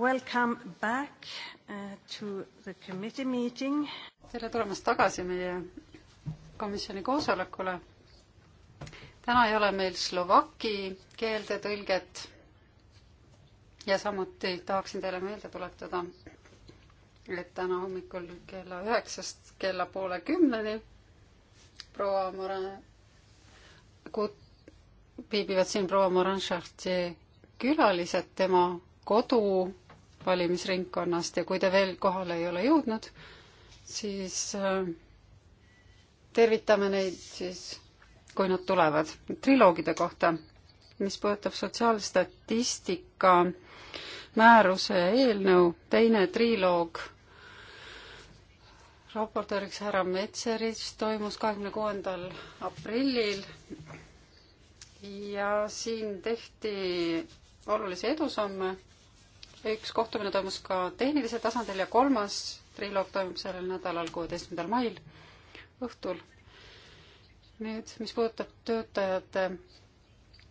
Welcome back uh, to the committee meeting. tere tulemast tagasi meie komisjoni koosolekule. täna ei ole meil slovaki keelde tõlget ja samuti tahaksin teile meelde tuletada, et täna hommikul kella üheksast kella poole kümneni proua Mora-, kut-, viibivad siin proua Morin Chartier külalised, tema kodu valimisringkonnast ja kui te veel kohale ei ole jõudnud, siis äh, tervitame neid siis, kui nad tulevad. triloogide kohta, mis puudutab sotsiaalstatistika määruse eelnõu, teine triloog raportööriks härra Metseris toimus kahekümne kuuendal aprillil ja siin tehti olulisi edusamme üks kohtumine toimus ka tehnilisel tasandil ja kolmas triloog toimub sellel nädalal, kuueteistkümnendal mail õhtul. nüüd, mis puudutab töötajate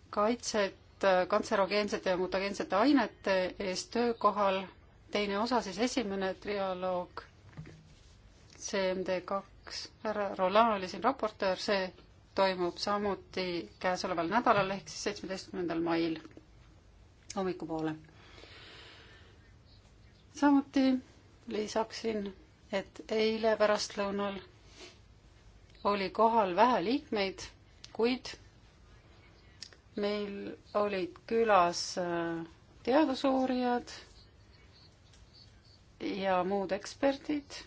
kaitset kantserogeensete ja mutageensete ainete eest töökohal, teine osa siis esimene trialoog, CMD kaks, härra Roland oli siin raportöör, see toimub samuti käesoleval nädalal ehk siis seitsmeteistkümnendal mail hommikupoole samuti lisaksin, et eile pärastlõunal oli kohal vähe liikmeid, kuid meil olid külas äh, teadusuurijad ja muud eksperdid,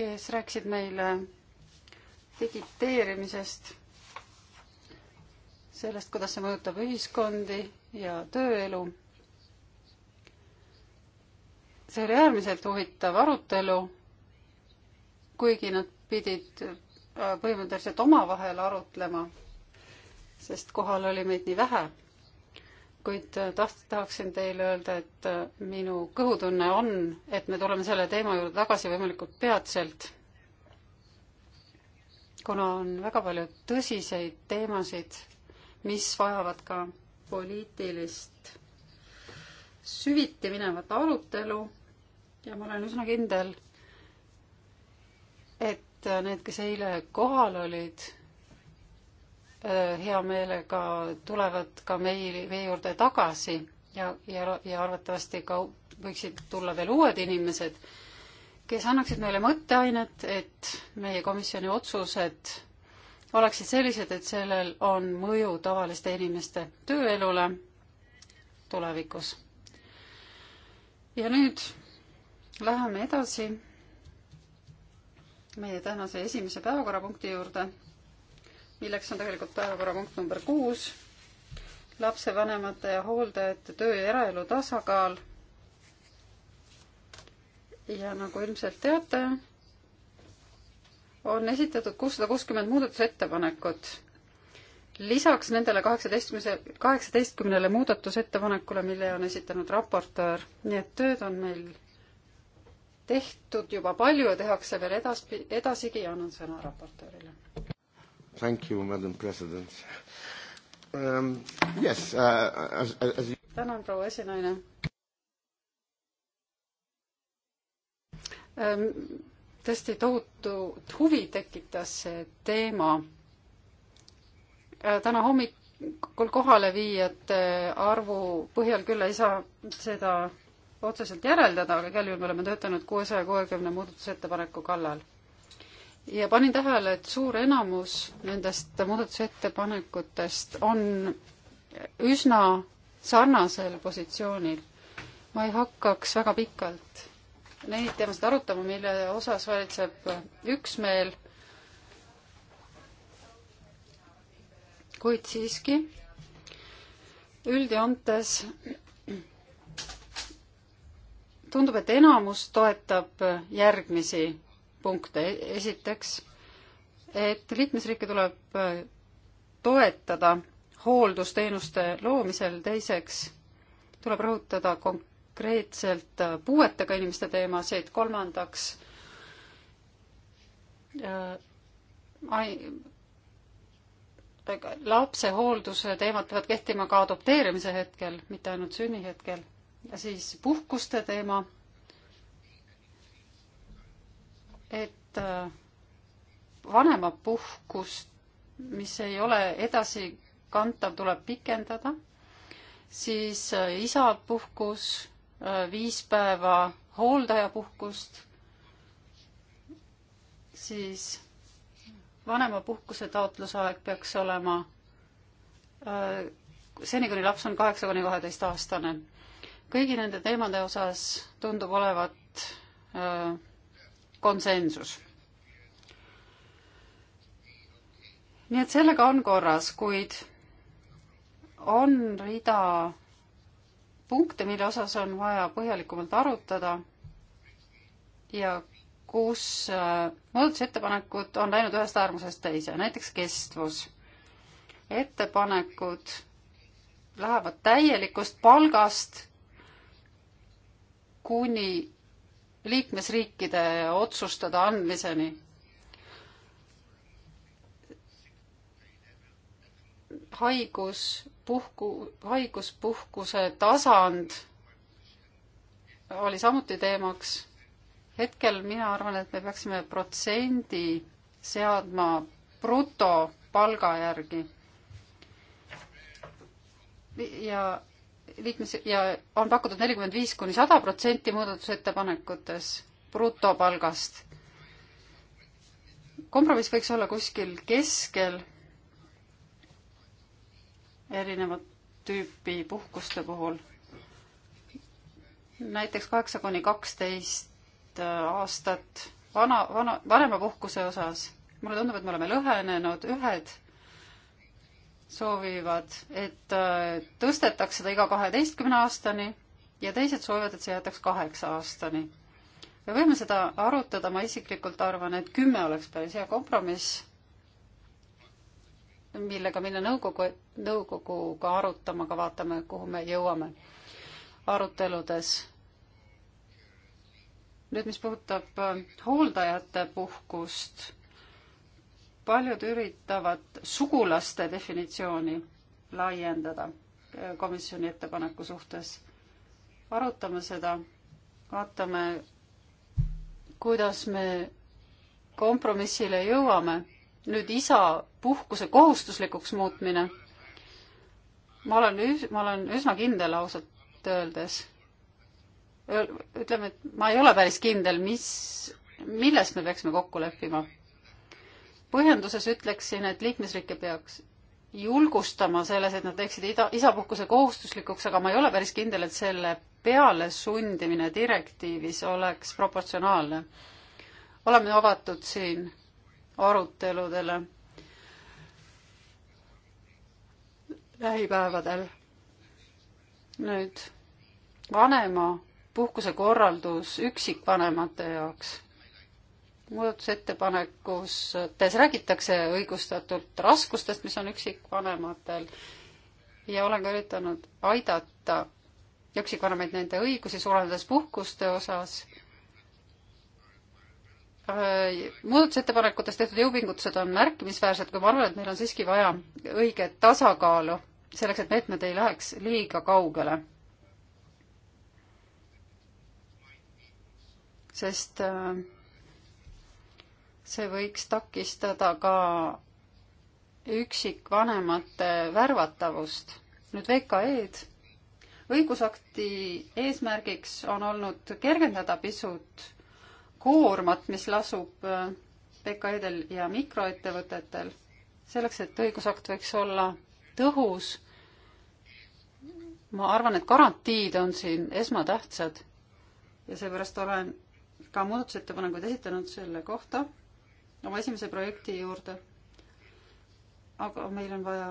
kes rääkisid meile digiteerimisest, sellest, kuidas see mõjutab ühiskondi ja tööelu see oli äärmiselt huvitav arutelu, kuigi nad pidid äh, põhimõtteliselt omavahel arutlema, sest kohal oli meid nii vähe. kuid äh, taht-, tahaksin teile öelda, et äh, minu kõhutunne on, et me tuleme selle teema juurde tagasi võimalikult peatselt, kuna on väga palju tõsiseid teemasid, mis vajavad ka poliitilist süviti minevat arutelu ja ma olen üsna kindel, et need, kes eile kohal olid, hea meelega tulevad ka meil, meie juurde tagasi ja, ja, ja arvatavasti ka võiksid tulla veel uued inimesed, kes annaksid meile mõtteainet, et meie komisjoni otsused oleksid sellised, et sellel on mõju tavaliste inimeste tööelule tulevikus. ja nüüd Läheme edasi meie tänase esimese päevakorrapunkti juurde, milleks on tegelikult päevakorrapunkt number kuus, lapsevanemate ja hooldajate töö ja eraelu tasakaal. ja nagu ilmselt teate, on esitatud kuussada kuuskümmend muudatusettepanekut. lisaks nendele kaheksateistkümne, kaheksateistkümnele muudatusettepanekule, mille on esitanud raportöör, nii et tööd on meil tehtud juba palju ja tehakse veel edaspi-, edasigi ja annan sõna raportöörile. Thank you, madam president um,. Yes uh,, as, as you... tänan, proua esinaine um,. tõesti tohutut huvi tekitas see teema uh,. täna hommikul kohale viijate arvu põhjal küll ei saa seda otseselt järeldada, aga igal juhul me oleme töötanud kuuesaja kuuekümne muudatusettepaneku kallal. ja panin tähele, et suur enamus nendest muudatusettepanekutest on üsna sarnasel positsioonil. ma ei hakkaks väga pikalt neid teemasid arutama, mille osas valitseb üksmeel, kuid siiski üldjoontes tundub, et enamus toetab järgmisi punkte. esiteks, et liikmesriike tuleb äh, toetada hooldusteenuste loomisel, teiseks tuleb rõhutada konkreetselt äh, puuetega inimeste teemasid, kolmandaks äh, lapsehoolduse teemad peavad kehtima ka adopteerimise hetkel, mitte ainult sünni hetkel siis puhkuste teema. et äh, vanemapuhkust, mis ei ole edasikantav, tuleb pikendada, siis äh, isapuhkus, äh, viis päeva hooldajapuhkust, siis vanemapuhkuse taotlusaeg peaks olema seni, kuni laps on kaheksa kuni kaheteistaastane kõigi nende teemade osas tundub olevat öö, äh, konsensus. nii et sellega on korras, kuid on rida punkte, mille osas on vaja põhjalikumalt arutada ja kus äh, muudatusettepanekud on läinud ühest äärmusest teise, näiteks kestvus. ettepanekud lähevad täielikust palgast kuni liikmesriikide otsustada andmiseni. haigus, puhku, haiguspuhkuse tasand oli samuti teemaks. hetkel mina arvan, et me peaksime protsendi seadma brutopalga järgi. ja liikmes- ja on pakutud nelikümmend viis kuni sada protsenti muudatusettepanekutes brutopalgast. kompromiss võiks olla kuskil keskel erinevat tüüpi puhkuste puhul. näiteks kaheksa kuni kaksteist äh, aastat vana, vana, vanemapuhkuse osas. mulle tundub, et me oleme lõhenenud, ühed soovivad, et äh, tõstetaks seda iga kaheteistkümne aastani ja teised soovivad, et see jäetaks kaheksa aastani. me võime seda arutada, ma isiklikult arvan, et kümme oleks päris hea kompromiss, millega minna nõukogu, nõukoguga arutama, aga vaatame, kuhu me jõuame aruteludes. nüüd, mis puudutab äh, hooldajate puhkust paljud üritavad sugulaste definitsiooni laiendada äh, komisjoni ettepaneku suhtes. arutame seda, vaatame, kuidas me kompromissile jõuame. nüüd isa puhkuse kohustuslikuks muutmine. ma olen, ma olen üsna kindel ausalt öeldes. ütleme, et ma ei ole päris kindel, mis, milles me peaksime kokku leppima põhjenduses ütleksin, et liikmesriike peaks julgustama selles, et nad teeksid ida, isapuhkuse kohustuslikuks, aga ma ei ole päris kindel, et selle peale sundimine direktiivis oleks proportsionaalne. oleme avatud siin aruteludele lähipäevadel. nüüd vanema puhkusekorraldus üksikvanemate jaoks muudatusettepanekutes räägitakse õigustatult raskustest, mis on üksikvanematel ja olen ka üritanud aidata üksikvanemaid nende õigusi suurendades puhkuste osas. Äh, muudatusettepanekutes tehtud jõupingutused on märkimisväärsed, kuid ma arvan, et meil on siiski vaja õiget tasakaalu selleks, et meetmed ei läheks liiga kaugele. sest äh, see võiks takistada ka üksikvanemate värvatavust. nüüd VKE-d. õigusakti eesmärgiks on olnud kergendada pisut koormat, mis lasub äh, VKE-del ja mikroettevõtetel, selleks et õigusakt võiks olla tõhus. ma arvan, et garantiid on siin esmatähtsad ja seepärast olen ka muudatusettepanekuid esitanud selle kohta oma esimese projekti juurde. aga meil on vaja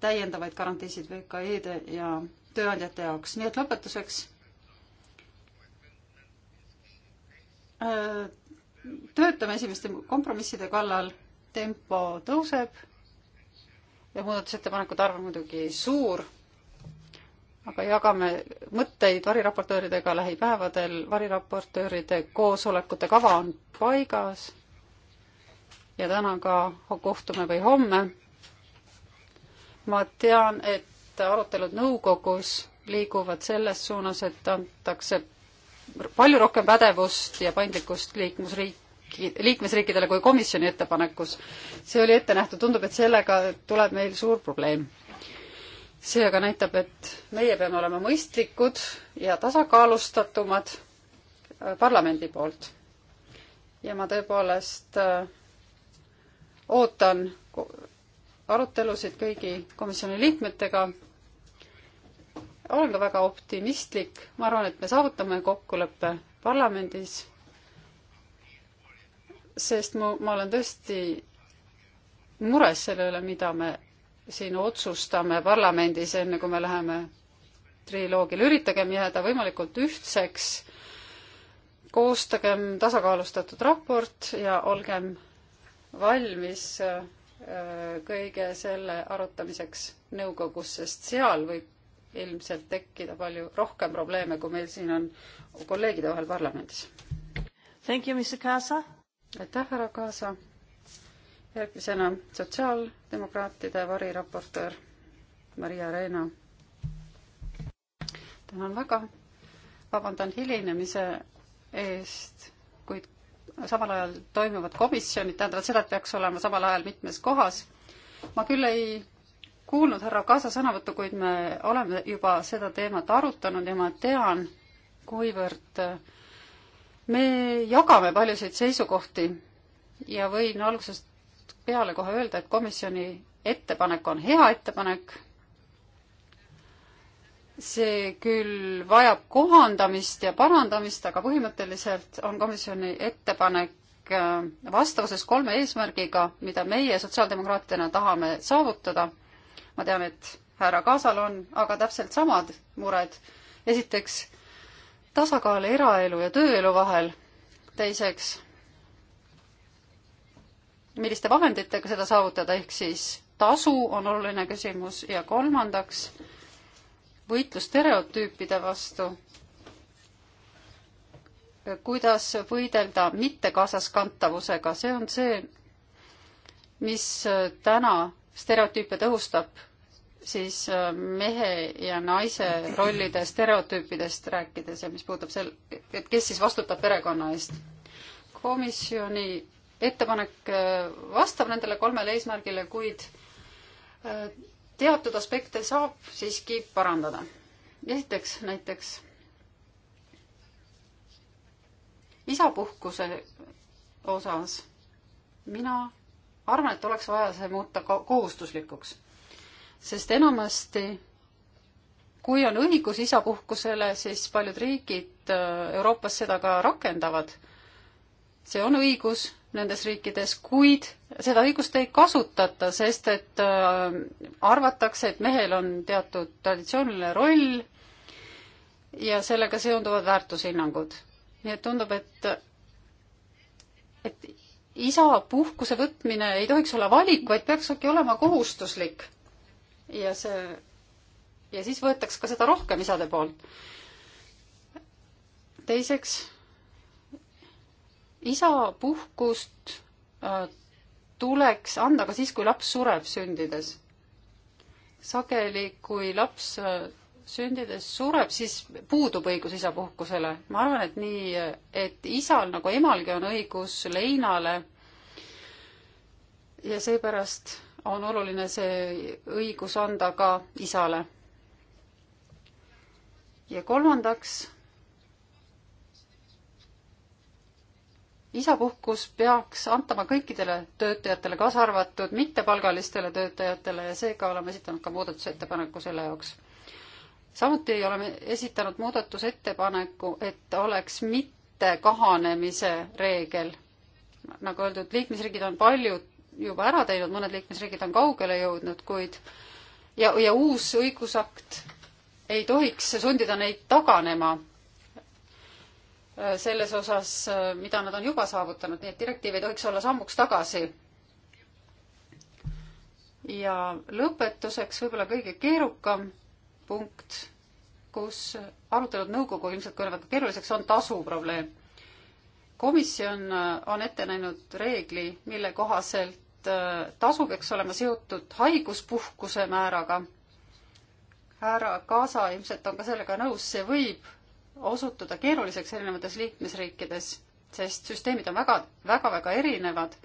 täiendavaid garantiisid VKE-de ja tööandjate jaoks, nii et lõpetuseks äh, töötame esimeste kompromisside kallal, tempo tõuseb ja muudatusettepanekute arv on muidugi suur, aga jagame mõtteid variraportööridega lähipäevadel, variraportööride koosolekute kava on paigas ja täna ka kohtume või homme. ma tean, et arutelud nõukogus liiguvad selles suunas, et antakse palju rohkem pädevust ja paindlikkust liikmusriik, liikmesriikidele kui komisjoni ettepanekus. see oli ette nähtud, tundub, et sellega tuleb meil suur probleem. see aga näitab, et meie peame olema mõistlikud ja tasakaalustatumad äh, parlamendi poolt. ja ma tõepoolest äh, ootan arutelusid kõigi komisjoni liikmetega. olen ka väga optimistlik, ma arvan, et me saavutame kokkuleppe parlamendis, sest mu, ma olen tõesti mures selle üle, mida me siin otsustame parlamendis, enne kui me läheme triloogile, üritagem jääda võimalikult ühtseks, koostagem tasakaalustatud raport ja olgem valmis äh, kõige selle arutamiseks nõukogus, sest seal võib ilmselt tekkida palju rohkem probleeme, kui meil siin on kolleegide vahel parlamendis. Thank you, Mr Kaasa. aitäh, härra Kaasa. järgmisena sotsiaaldemokraatide variraportöör Maria Reena. tänan väga. vabandan hilinemise eest, kuid samal ajal toimuvad komisjonid, tähendavad seda, et peaks olema samal ajal mitmes kohas. ma küll ei kuulnud härra Kaasa sõnavõttu, kuid me oleme juba seda teemat arutanud ja ma tean, kuivõrd me jagame paljusid seisukohti ja võin algusest peale kohe öelda, et komisjoni ettepanek on hea ettepanek see küll vajab kohandamist ja parandamist, aga põhimõtteliselt on komisjoni ettepanek äh, vastavuses kolme eesmärgiga, mida meie sotsiaaldemokraatidena tahame saavutada. ma tean, et härra Kaasal on aga täpselt samad mured. esiteks tasakaal eraelu ja tööelu vahel. teiseks, milliste vahenditega seda saavutada, ehk siis tasu on oluline küsimus ja kolmandaks, võitlus stereotüüpide vastu, kuidas võidelda mitte kaasaskantavusega, see on see, mis äh, täna stereotüüpe tõhustab, siis äh, mehe ja naise rollide stereotüüpidest rääkides ja mis puudutab sel-, et kes siis vastutab perekonna eest. komisjoni ettepanek äh, vastab nendele kolmele eesmärgile, kuid teatud aspekte saab siiski parandada. esiteks näiteks isapuhkuse osas mina arvan, et oleks vaja see muuta kohustuslikuks, sest enamasti kui on õigus isapuhkusele, siis paljud riigid äh, Euroopas seda ka rakendavad. see on õigus, nendes riikides, kuid seda õigust ei kasutata, sest et äh, arvatakse, et mehel on teatud traditsiooniline roll ja sellega seonduvad väärtushinnangud. nii et tundub, et, et isa puhkuse võtmine ei tohiks olla valik, vaid peaks äkki olema kohustuslik. ja see, ja siis võetaks ka seda rohkem isade poolt. teiseks isapuhkust äh, tuleks anda ka siis, kui laps sureb sündides. sageli, kui laps äh, sündides sureb, siis puudub õigus isapuhkusele. ma arvan, et nii, et isal nagu emalgi on õigus leinale. ja seepärast on oluline see õigus anda ka isale. ja kolmandaks isapuhkus peaks antama kõikidele töötajatele, kaasa arvatud mittepalgalistele töötajatele ja seega oleme esitanud ka muudatusettepaneku selle jaoks. samuti oleme esitanud muudatusettepaneku, et oleks mitte kahanemise reegel. nagu öeldud, liikmesriigid on paljud juba ära teinud, mõned liikmesriigid on kaugele jõudnud, kuid ja, ja uus õigusakt ei tohiks sundida neid taganema Äh, selles osas, äh, mida nad on juba saavutanud, nii et direktiiv ei tohiks olla sammuks tagasi. ja lõpetuseks võib-olla kõige keerukam punkt, kus arutelud nõukogu ilmselt kõnevad keeruliseks, on tasu probleem. komisjon äh, on ette näinud reegli, mille kohaselt tasu peaks olema seotud haiguspuhkuse määraga. härra Kaasa ilmselt on ka sellega nõus, see võib osutuda keeruliseks erinevates liikmesriikides, sest süsteemid on väga, väga, väga erinevad.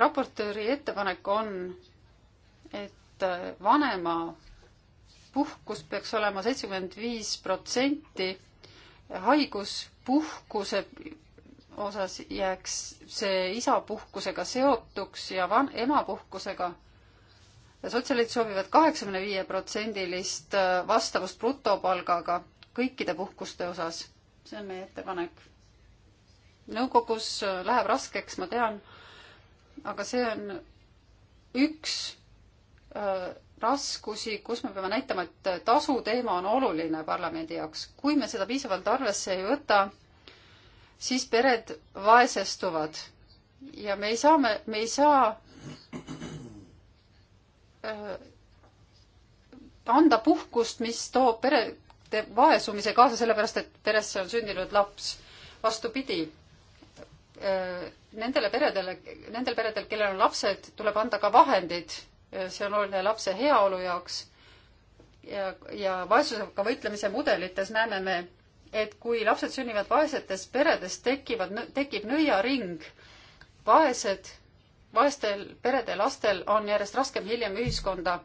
raportööri ettepanek on, et vanema puhkus peaks olema seitsekümmend viis protsenti, haiguspuhkuse osas jääks see isapuhkusega seotuks ja van-, emapuhkusega sotsialid soovivad kaheksakümne viie protsendilist äh, vastavust brutopalgaga kõikide puhkuste osas. see on meie ettepanek. nõukogus äh, läheb raskeks, ma tean, aga see on üks äh, raskusi, kus me peame näitama, et tasu teema on oluline parlamendi jaoks. kui me seda piisavalt arvesse ei võta, siis pered vaesestuvad ja me ei saa, me ei saa Äh, anda puhkust, mis toob perede vaesumise kaasa, sellepärast et peresse on sündinud laps. vastupidi, äh, nendele peredele, nendel peredel, kellel on lapsed, tuleb anda ka vahendid, äh, see on oluline lapse heaolu jaoks ja, ja vaesusega võitlemise mudelites näeme me, et kui lapsed sünnivad vaesetes peredes, tekivad, tekib nõiaring. vaesed vaestel perede lastel on järjest raskem hiljem ühiskonda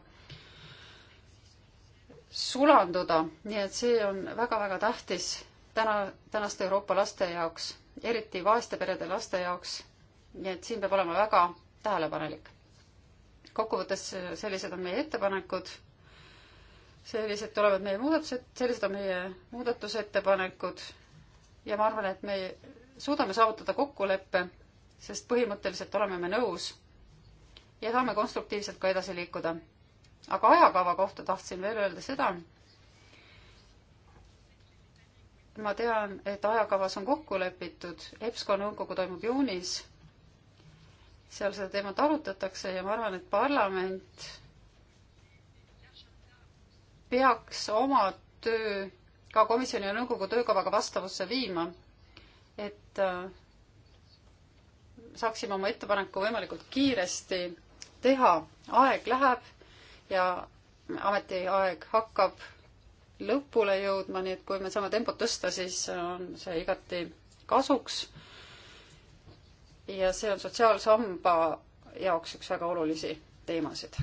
sulanduda, nii et see on väga-väga tähtis täna, tänaste Euroopa laste jaoks, eriti vaeste perede laste jaoks. nii et siin peab olema väga tähelepanelik. kokkuvõttes sellised on meie ettepanekud, sellised tulevad meie muudatused, sellised on meie muudatusettepanekud ja ma arvan, et me suudame saavutada kokkuleppe sest põhimõtteliselt oleme me nõus ja tahame konstruktiivselt ka edasi liikuda. aga ajakava kohta tahtsin veel öelda seda, ma tean, et ajakavas on kokku lepitud, EBSCO nõukogu toimub juunis, seal seda teemat arutatakse ja ma arvan, et parlament peaks oma töö ka komisjoni ja nõukogu töökavaga vastavusse viima, et äh, saaksime oma ettepaneku võimalikult kiiresti teha. aeg läheb ja ametiaeg hakkab lõpule jõudma, nii et kui me saame tempot tõsta, siis on see igati kasuks. ja see on sotsiaalsamba jaoks üks väga olulisi teemasid.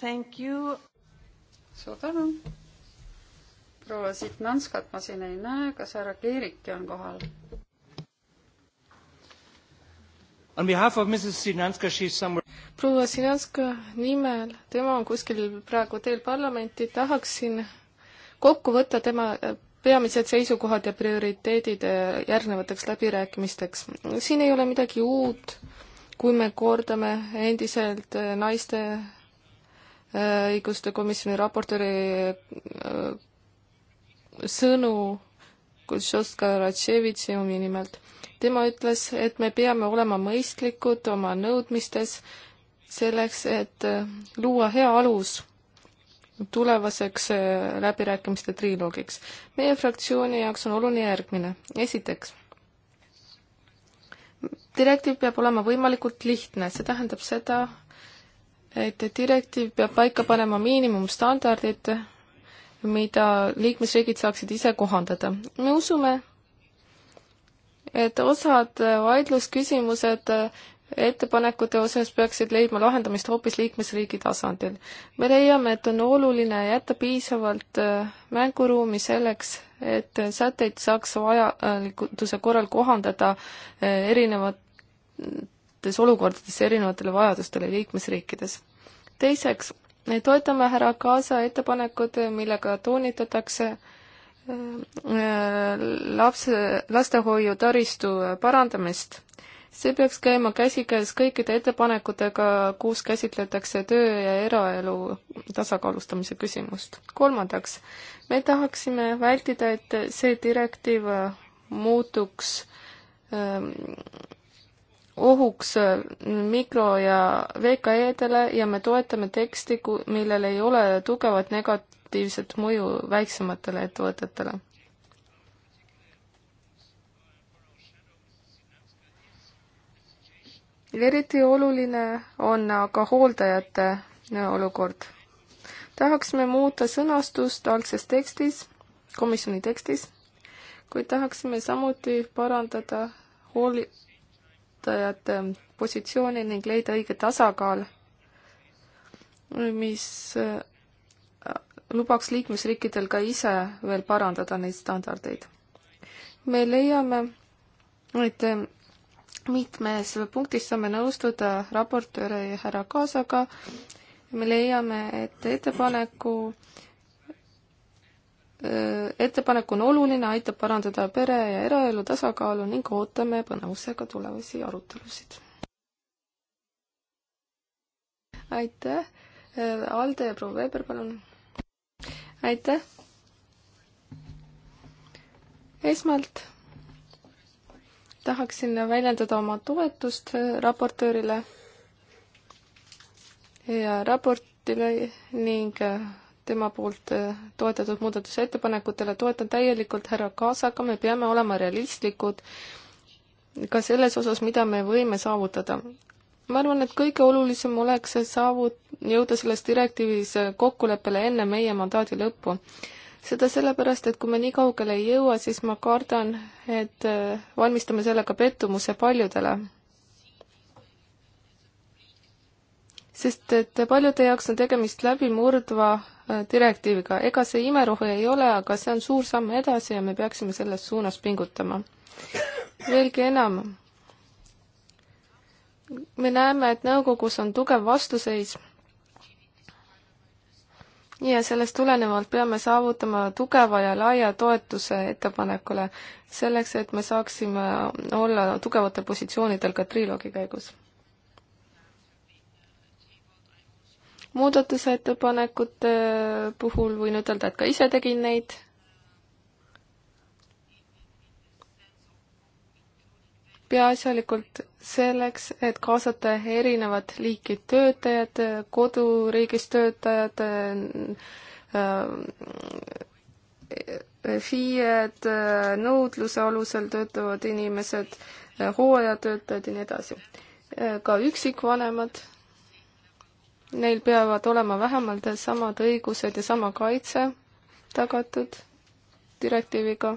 Thank you. suur tänu proua Sitnanskat ma siin ei näe, kas härra Keeriki on kohal? On behalf of Mrs Sinanska, she is somewhere proua Sinanska nimel, tema on kuskil praegu teel parlamenti, tahaksin kokku võtta tema äh, peamised seisukohad ja prioriteedid äh, järgnevateks läbirääkimisteks. siin ei ole midagi uut, kui me kordame endiselt äh, naiste õiguste komisjoni raportööri sõnu Kutšoska Ratševitšiumi nimelt. tema ütles, et me peame olema mõistlikud oma nõudmistes selleks, et äh, luua hea alus tulevaseks äh, läbirääkimiste triloogiks. meie fraktsiooni jaoks on oluline järgmine. esiteks, direktiiv peab olema võimalikult lihtne, see tähendab seda, et direktiiv peab paika panema miinimumstandardid mida liikmesriigid saaksid ise kohandada. me usume, et osad vaidlusküsimused ettepanekute osas peaksid leidma lahendamist hoopis liikmesriigi tasandil. me leiame, et on oluline jätta piisavalt äh, mänguruumi selleks, et sätteid saaks vajaduse korral kohandada äh, erinevates olukordades erinevatele vajadustele liikmesriikides. teiseks, toetame härra Kaasa ettepanekut, millega toonitatakse äh, lapse, lastehoiutaristu parandamist. see peaks käima käsikäes kõikide ettepanekutega, kus käsitletakse töö ja eraelu tasakaalustamise küsimust. kolmandaks, me tahaksime vältida, et see direktiiv muutuks ähm, ohuks äh, mikro- ja VKE-dele ja me toetame teksti, millel ei ole tugevat negatiivset mõju väiksematele ettevõtetele. eriti oluline on aga hooldajate äh, olukord. tahaksime muuta sõnastust algses tekstis, komisjoni tekstis, kuid tahaksime samuti parandada hooli-, töötajate positsiooni ning leida õige tasakaal, mis äh, lubaks liikmesriikidel ka ise veel parandada neid standardeid. me leiame, et mitmes punktis saame nõustuda raportööri härra Kaasaga ja me leiame, et ettepaneku äh, Äh, ettepanek on oluline, aitab parandada pere ja eraelu tasakaalu ning ootame põnevusega tulevasi arutelusid. aitäh, äh, Alde ja proua Veber, palun. aitäh. esmalt tahaksin väljendada oma toetust äh, raportöörile ja raportile ning tema poolt äh, toetatud muudatusettepanekutele, toetan täielikult härra Kaasaga, me peame olema realistlikud ka selles osas, mida me võime saavutada. ma arvan, et kõige olulisem oleks saavut-, jõuda selles direktiivis äh, kokkuleppele enne meie mandaadi lõppu. seda sellepärast, et kui me nii kaugele ei jõua, siis ma kardan, et äh, valmistame sellega pettumuse paljudele sest et paljude jaoks on tegemist läbimurdva äh, direktiiviga. ega see imerohu ei ole, aga see on suur samm edasi ja me peaksime selles suunas pingutama. veelgi enam, me näeme, et nõukogus on tugev vastuseis ja sellest tulenevalt peame saavutama tugeva ja laia toetuse ettepanekule, selleks et me saaksime olla tugevatel positsioonidel ka triloogi käigus muudatusettepanekute puhul võin ütelda, et ka ise tegin neid. peaasjalikult selleks, et kaasata erinevat liiki töötajad, koduriigis töötajad, äh, FIE-d, nõudluse alusel töötavad inimesed, hooajatöötajad ja nii edasi. ka üksikvanemad Neil peavad olema vähemalt samad õigused ja sama kaitse tagatud direktiiviga.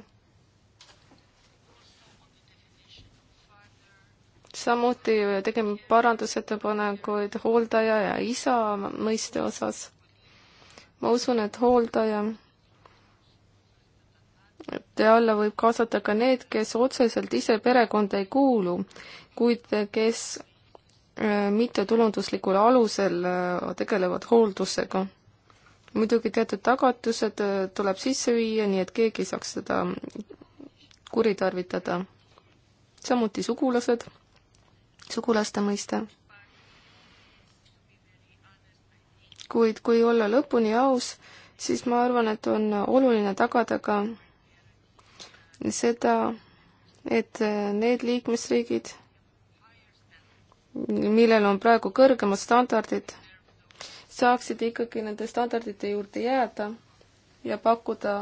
samuti tegime parandusettepanekuid hooldaja ja isa mõiste osas. ma usun, et hooldaja et alla võib kaasata ka need, kes otseselt ise perekonda ei kuulu, kuid kes Äh, mittetulunduslikul alusel äh, tegelevad hooldusega. muidugi teatud tagatused äh, tuleb sisse viia, nii et keegi ei saaks seda kuritarvitada. samuti sugulased, sugulaste mõiste. kuid kui olla lõpuni aus, siis ma arvan, et on oluline tagada ka seda, et need liikmesriigid, millel on praegu kõrgemad standardid, saaksid ikkagi nende standardite juurde jääda ja pakkuda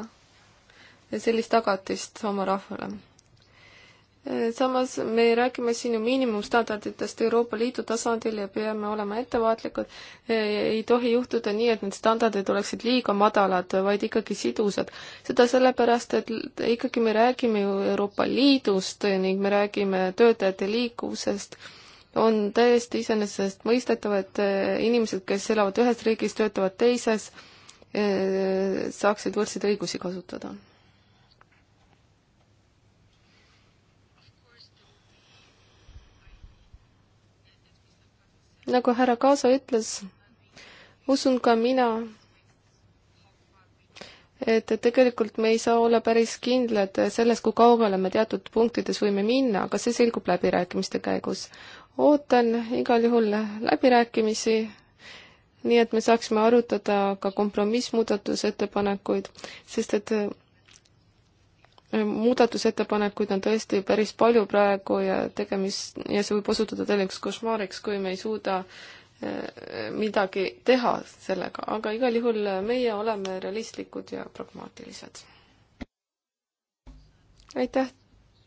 sellist tagatist oma rahvale. samas me räägime siin ju miinimumstandarditest Euroopa Liidu tasandil ja peame olema ettevaatlikud. E, ei tohi juhtuda nii, et need standardid oleksid liiga madalad, vaid ikkagi sidusad. seda sellepärast, et ikkagi me räägime ju Euroopa Liidust ning me räägime töötajate liikuvusest on täiesti iseenesestmõistetav, et eh, inimesed, kes elavad ühes riigis, töötavad teises, eh, saaksid võrdseid õigusi kasutada. nagu härra Kaasa ütles, usun ka mina, et tegelikult me ei saa olla päris kindlad selles, kui kaugele me teatud punktides võime minna, aga see selgub läbirääkimiste käigus ootan igal juhul läbirääkimisi, nii et me saaksime arutada ka kompromissmuudatusettepanekuid, sest et äh, muudatusettepanekuid on tõesti päris palju praegu ja tegemist, ja see võib osutuda täielikuks košmaariks, kui me ei suuda äh, midagi teha sellega, aga igal juhul äh, meie oleme realistlikud ja pragmaatilised. aitäh,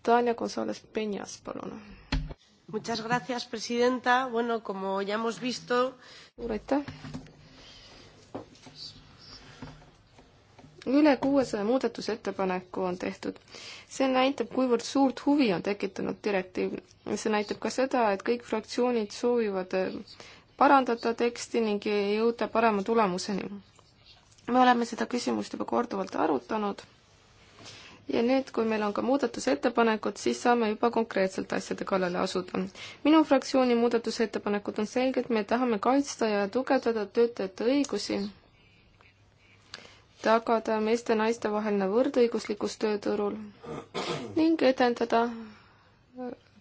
Tanja Gonzalez Penjas, palun! Muchas gracias, presidenta. Bueno, como ya hemos visto... aitäh. üle kuuesaja muudatusettepaneku on tehtud. see näitab, kuivõrd suurt huvi on tekitanud direktiiv. see näitab ka seda, et kõik fraktsioonid soovivad eh, parandada teksti ning jõuda parema tulemuseni. me oleme seda küsimust juba korduvalt arutanud ja nüüd, kui meil on ka muudatusettepanekud, siis saame juba konkreetselt asjade kallale asuda. minu fraktsiooni muudatusettepanekud on selged, me tahame kaitsta ja tugevdada töötajate õigusi, tagada meeste ja naiste vaheline võrdõiguslikkus tööturul ning edendada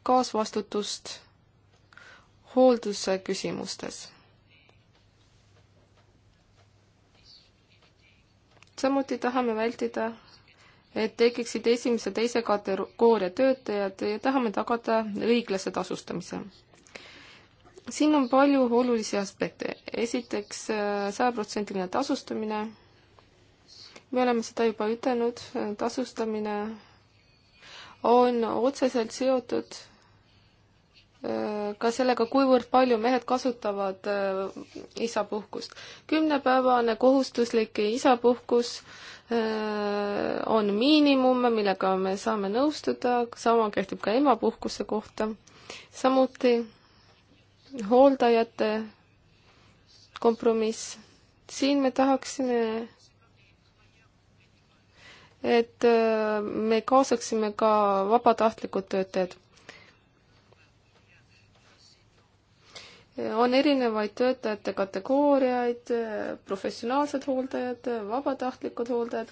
kaasvastutust hoolduse küsimustes samuti tahame vältida et tekiksid esimese, teise kategooria töötajad ja tahame tagada õiglase tasustamise. siin on palju olulisi aspekte. esiteks sajaprotsendiline tasustamine. me oleme seda juba ütelnud, tasustamine on otseselt seotud ka sellega, kuivõrd palju mehed kasutavad äh, isapuhkust. kümnepäevane kohustuslik isapuhkus äh, on miinimum, millega me saame nõustuda, sama kehtib ka emapuhkuse kohta. samuti hooldajate kompromiss. siin me tahaksime, et äh, me kaasaksime ka vabatahtlikud töötajad on erinevaid töötajate kategooriaid, professionaalsed hooldajad, vabatahtlikud hooldajad,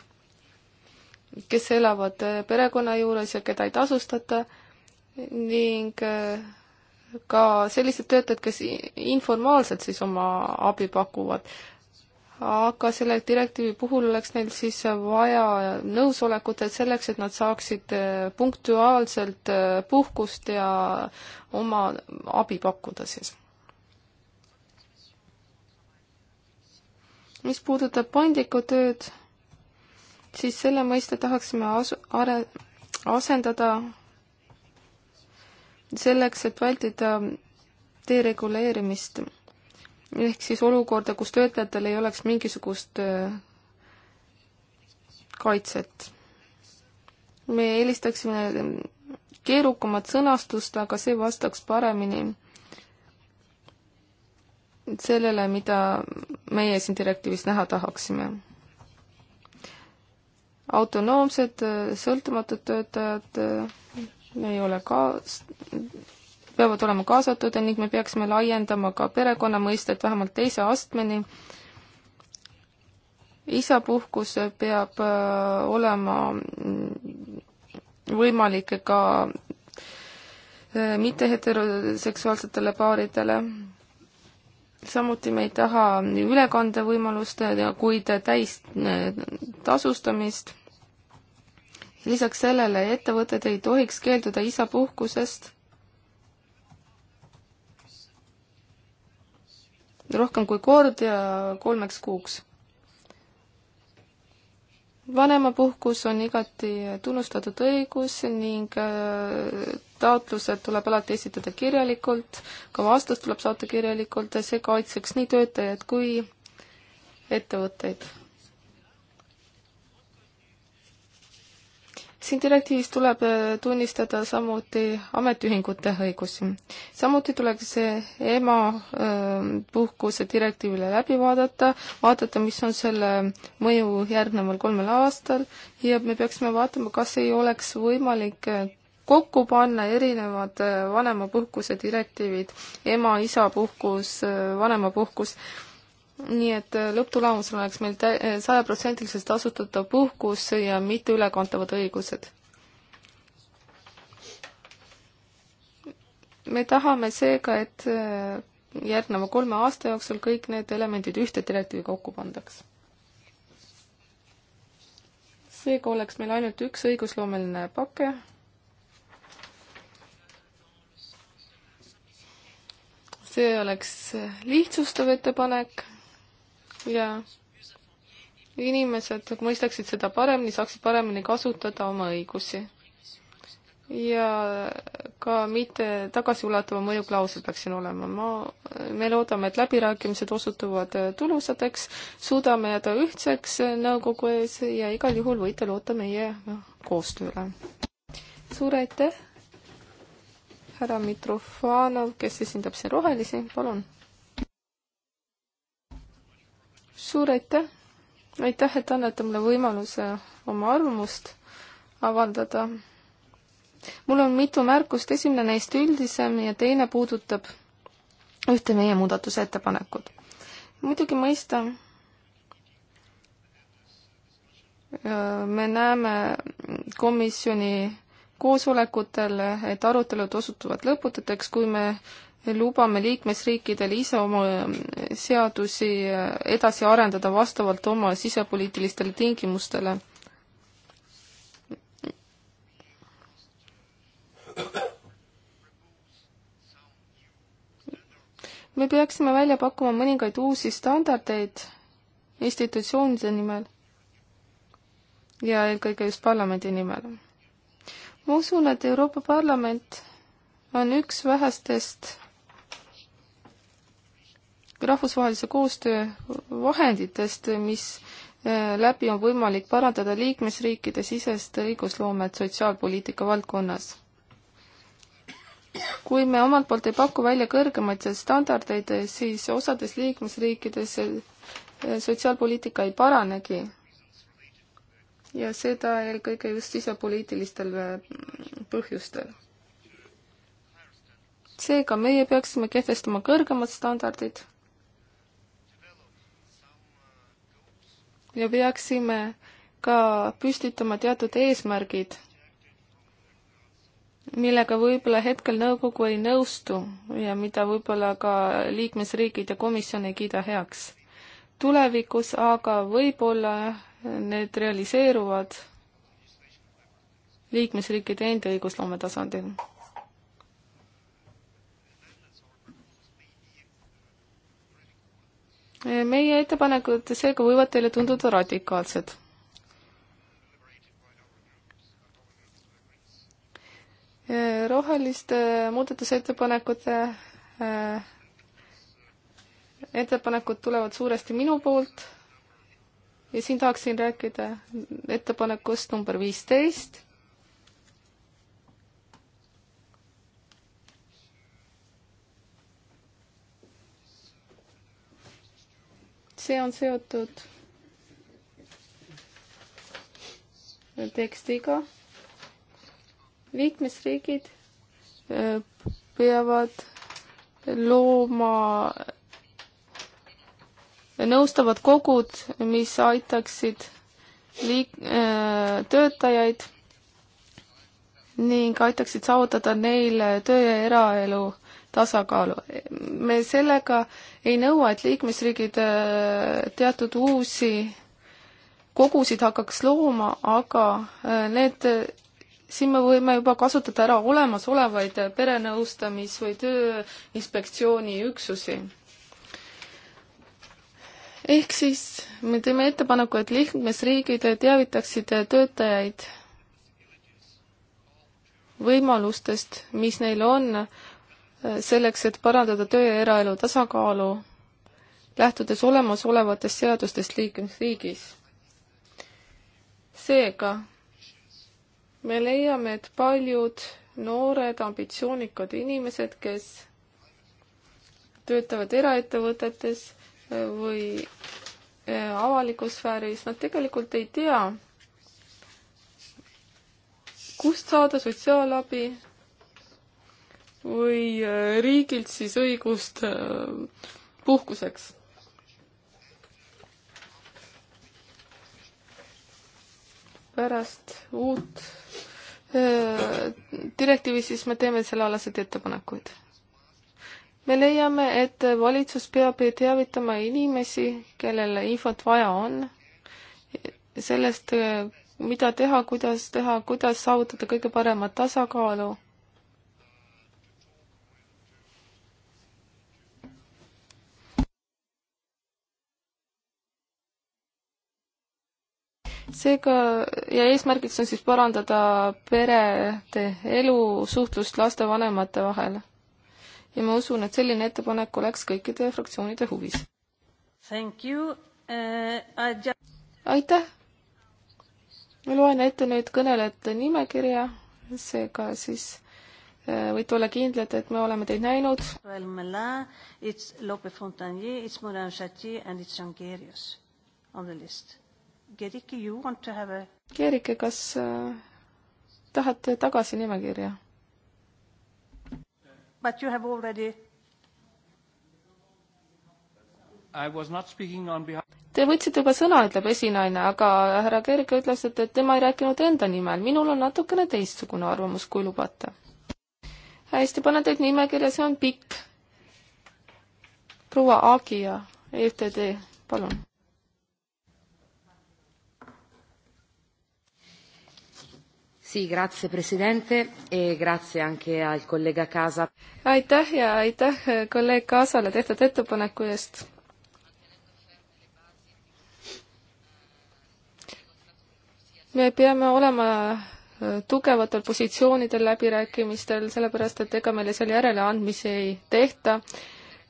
kes elavad perekonna juures ja keda ei tasustata ning eh, ka sellised töötajad, kes informaalselt siis oma abi pakuvad. aga selle direktiivi puhul oleks neil siis vaja nõusolekut, et selleks, et nad saaksid eh, punktuaalselt eh, puhkust ja oma abi pakkuda siis mis puudutab paindlikku tööd, siis selle mõiste tahaksime asu-, are-, asendada selleks, et vältida dereguleerimist. ehk siis olukorda, kus töötajatel ei oleks mingisugust äh, kaitset. me eelistaksime keerukamat sõnastust, aga see vastaks paremini sellele, mida meie siin direktiivis näha tahaksime. autonoomsed, sõltumatud töötajad äh, ei ole ka, peavad olema kaasatud ning me peaksime laiendama ka perekonna mõistet vähemalt teise astmeni. isapuhkus peab äh, olema mm, võimalik ka äh, mitteheteroseksuaalsetele paaridele samuti me ei taha ülekandevõimalust, kuid täis eh, tasustamist. lisaks sellele ettevõtted ei tohiks keelduda isapuhkusest rohkem kui kord ja kolmeks kuuks. vanemapuhkus on igati tunnustatud õigus ning eh, taotlused tuleb alati esitada kirjalikult, ka vastus tuleb saata kirjalikult ja see kaitseks nii töötajaid kui ettevõtteid. siin direktiivis tuleb äh, tunnistada samuti ametiühingute õigusi. samuti tuleks emapuhkuse äh, direktiivile läbi vaadata, vaadata, mis on selle mõju järgneval kolmel aastal ja me peaksime vaatama, kas ei oleks võimalik äh, kokku panna erinevad äh, vanemapuhkuse direktiivid, ema-isa puhkus, äh, vanemapuhkus, nii et äh, lõpptulemusena oleks meil sajaprotsendiliselt tasustatav puhkus ja mitte ülekantavad õigused. me tahame seega, et järgneva kolme aasta jooksul kõik need elemendid ühte direktiivi kokku pandaks. seega oleks meil ainult üks õigusloomeline pake see oleks lihtsustav ettepanek ja inimesed mõistaksid seda paremini, saaksid paremini kasutada oma õigusi. ja ka mitte tagasiulatuva mõju klausel peaks siin olema. ma, me loodame, et läbirääkimised osutuvad tulusateks, suudame jääda ühtseks nõukogu ees ja igal juhul võite loota meie koostööle. suur aitäh! härra Mitrofanov, kes esindab siin rohelisi, palun. suur aitäh, aitäh, et annate mulle võimaluse oma arvamust avaldada. mul on mitu märkust, esimene neist üldisem ja teine puudutab ühte meie muudatusettepanekut. muidugi mõista, äh, me näeme komisjoni koosolekutel, et arutelud osutuvad lõpututeks, kui me lubame liikmesriikidel ise oma seadusi edasi arendada vastavalt oma sisepoliitilistele tingimustele. me peaksime välja pakkuma mõningaid uusi standardeid institutsioonide nimel ja eelkõige just parlamendi nimel ma usun, et Euroopa Parlament on üks vähestest rahvusvahelise koostöö vahenditest, mis eh, läbi on võimalik parandada liikmesriikide sisest õigusloomet sotsiaalpoliitika valdkonnas. kui me omalt poolt ei paku välja kõrgemaid standardeid, siis osades liikmesriikides eh, sotsiaalpoliitika ei paranegi ja seda eelkõige just sisepoliitilistel mm, põhjustel. seega meie peaksime kehtestama kõrgemad standardid ja peaksime ka püstitama teatud eesmärgid, millega võib-olla hetkel nõukogu ei nõustu ja mida võib-olla ka liikmesriigid ja komisjon ei kiida heaks. tulevikus aga võib-olla need realiseeruvad liikmesriikide enda õigusloome tasandil. meie ettepanekud seega võivad teile tunduda radikaalsed. roheliste muudatusettepanekute eh, ettepanekud tulevad suuresti minu poolt ja siin tahaksin rääkida ettepanekust number viisteist. see on seotud tekstiga. liikmesriigid äh, peavad looma nõustavad kogud, mis aitaksid liik-, äh, töötajaid ning aitaksid saavutada neil töö ja eraelu tasakaalu. me sellega ei nõua, et liikmesriigid äh, teatud uusi kogusid hakkaks looma, aga äh, need, siin me võime juba kasutada ära olemasolevaid perenõustamis- või tööinspektsiooni üksusi ehk siis me teeme ettepaneku, et liikmesriigid teavitaksid töötajaid võimalustest, mis neil on äh, selleks, et parandada töö ja eraelu tasakaalu, lähtudes olemasolevatest seadustest liikmesriigis. seega me leiame, et paljud noored ambitsioonikad inimesed, kes töötavad eraettevõtetes või äh, avalikus sfääris, nad tegelikult ei tea, kust saada sotsiaalabi või äh, riigilt siis õigust äh, puhkuseks. pärast uut direktiivi siis me teeme sellealaseid ettepanekuid me leiame, et valitsus peab teavitama inimesi, kellel infot vaja on, sellest, mida teha, kuidas teha, kuidas saavutada kõige paremat tasakaalu. seega ja eesmärgiks on siis parandada perede elu, suhtlust lastevanemate vahel ja ma usun, et selline ettepanek oleks kõikide fraktsioonide huvis. Eh, just... aitäh! ma loen ette nüüd kõnelejate nimekirja, seega siis eh, võite olla kindlad, et me oleme teid näinud. It's Lope Fontanier, it's Morin Chatier and it's Jongerius on the list. Gerike, you want to have a? Gerike, kas äh, tahate tagasi nimekirja? But you have already Te võtsite juba sõna, ütleb esinaine, aga härra Kerge ütles, et, et tema ei rääkinud enda nimel. minul on natukene teistsugune arvamus, kui lubate. hästi, panen teid nimekirja, see on pikk. proua Agia, EFTD, palun. Sì, grazie Presidente e grazie anche al kollega Kaasa. aitäh ja aitäh kolleeg Kaasale tehtud ettepaneku eest. me peame olema äh, tugevatel positsioonidel läbirääkimistel, sellepärast et ega meile seal järeleandmisi ei tehta.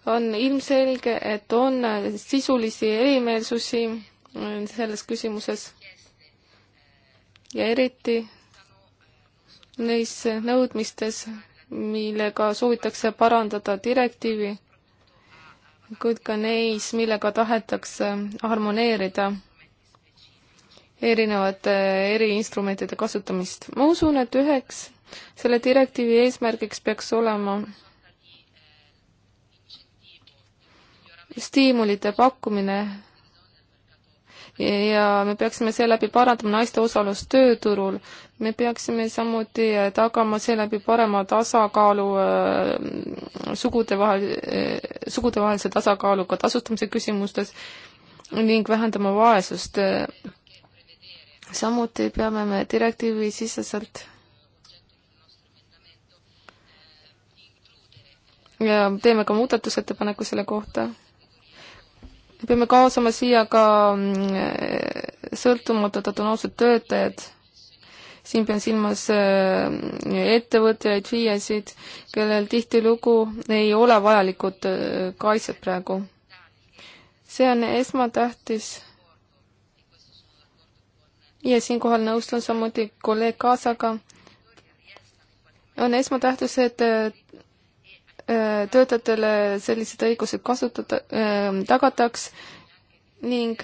on ilmselge, et on äh, sisulisi erimeelsusi äh, selles küsimuses ja eriti neis nõudmistes, millega soovitakse parandada direktiivi, kuid ka neis, millega tahetakse harmoneerida erinevate eriinstrumentide kasutamist. ma usun, et üheks selle direktiivi eesmärgiks peaks olema stiimulite pakkumine ja me peaksime seeläbi parandama naiste osalust tööturul me peaksime samuti äh, tagama seeläbi parema tasakaalu äh, sugude vahel, äh, sugudevahelise tasakaalu ka tasustamise küsimustes ning vähendama vaesust. samuti peame me direktiivi siseselt ja teeme ka muudatusettepaneku selle kohta me peame kaasama siia ka mm, sõltumatud autonoomsed töötajad siin pean silmas äh, ettevõtjaid, FIE-sid, kellel tihtilugu ei ole vajalikud äh, kaitset praegu. see on esmatähtis. ja siinkohal nõustun samuti kolleeg Kaasaga. on esmatähtis, et äh, töötajatele sellised õigused kasutada äh,, tagataks ning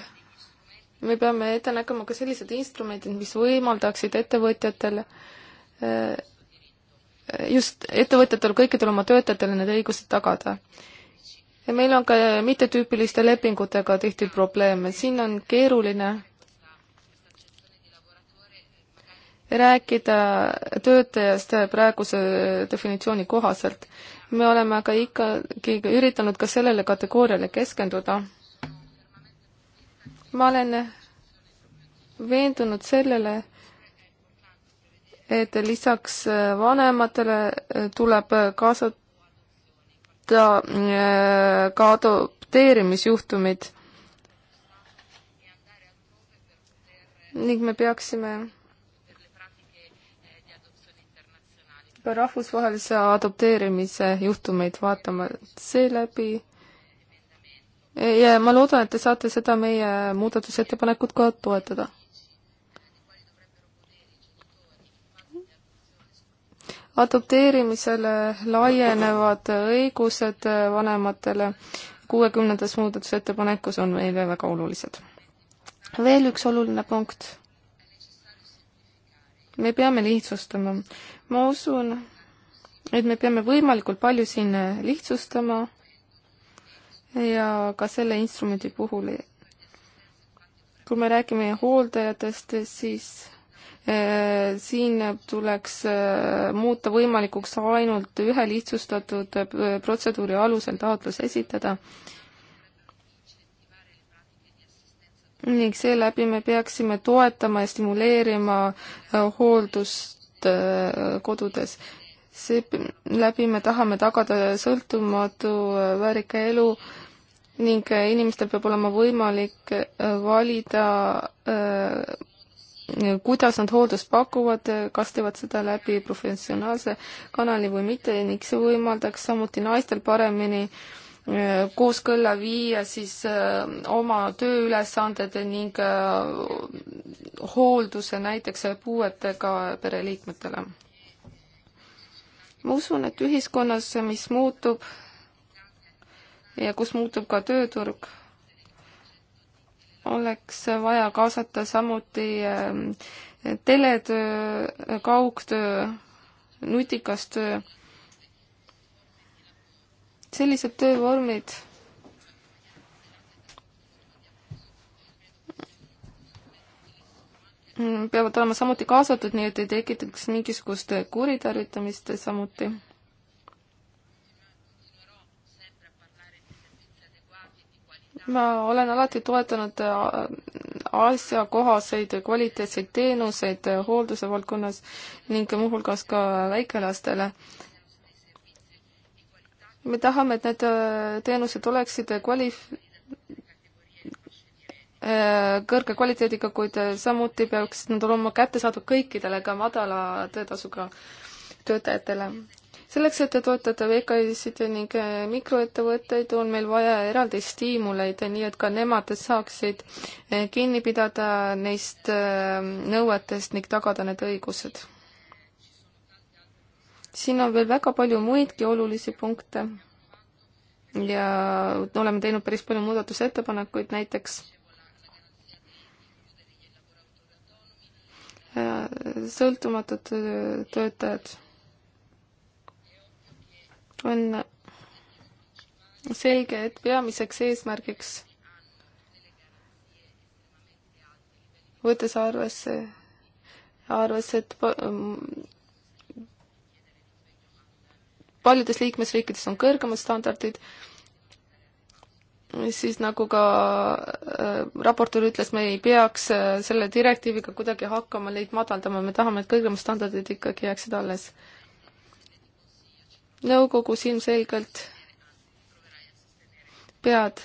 me peame ette nägema ka sellised instrumendid, mis võimaldaksid ettevõtjatel eh, just ettevõtjatel, kõikidel oma töötajatele need õigused tagada. ja meil on ka mittetüüpiliste lepingutega tihti probleeme, siin on keeruline rääkida töötajast praeguse definitsiooni kohaselt. me oleme aga ikkagi üritanud ka sellele kategooriale keskenduda ma olen veendunud sellele, et lisaks vanematele tuleb kaasata äh, ka adopteerimisjuhtumid. ning me peaksime ka rahvusvahelise adopteerimise juhtumeid vaatama seeläbi, ja ma loodan, et te saate seda meie muudatusettepanekut ka toetada. adopteerimisele laienevad õigused vanematele kuuekümnendas muudatusettepanekus on meile väga olulised. veel üks oluline punkt. me peame lihtsustama. ma usun, et me peame võimalikult palju siin lihtsustama ja ka selle instrumendi puhul. kui me räägime hooldajatest, siis eh, siin tuleks eh, muuta võimalikuks ainult ühe lihtsustatud eh, protseduuri alusel taotlus esitada. ning seeläbi me peaksime toetama ja stimuleerima hooldust kodudes seeläbi me tahame tagada sõltumatu äh, väärika elu ning äh, inimestel peab olema võimalik äh, valida, kuidas nad hooldust pakuvad, kas teevad seda läbi professionaalse kanali või mitte ning see võimaldaks samuti naistel paremini kooskõlla viia siis oma tööülesanded ning hoolduse näiteks puuetega pereliikmetele ma usun, et ühiskonnas, mis muutub ja kus muutub ka tööturg, oleks vaja kaasata samuti eh, teletöö, kaugtöö, nutikas töö. sellised töövormid Mm, peavad olema samuti kaasatud, nii et ei tekitaks mingisugust kuritarvitamist samuti. ma olen alati toetanud äh, asjakohaseid kvaliteetseid teenuseid äh, hoolduse valdkonnas ning muuhulgas ka väikelastele. me tahame, et need äh, teenused oleksid kvalif-, Äh, kõrge kvaliteediga, kuid äh, samuti peaksid nad olema kättesaadav kõikidele, ka madala töötasuga töötajatele. selleks, et toetada VKI-sid ning äh, mikroettevõtteid, on meil vaja eraldi stiimuleid, nii et ka nemad saaksid kinni pidada neist nõuetest ning tagada need õigused. siin on veel väga palju muidki olulisi punkte ja oleme teinud päris palju muudatusettepanekuid, näiteks sõltumatud töötajad on selge, et peamiseks eesmärgiks, võttes arvesse, arvesse, et paljudes liikmesriikides on kõrgemad standardid, siis nagu ka äh, raportöör ütles, me ei peaks äh, selle direktiiviga kuidagi hakkama neid madaldama, me tahame, et kõrgemastandardid ikkagi jääksid alles. nõukogus ilmselgelt pead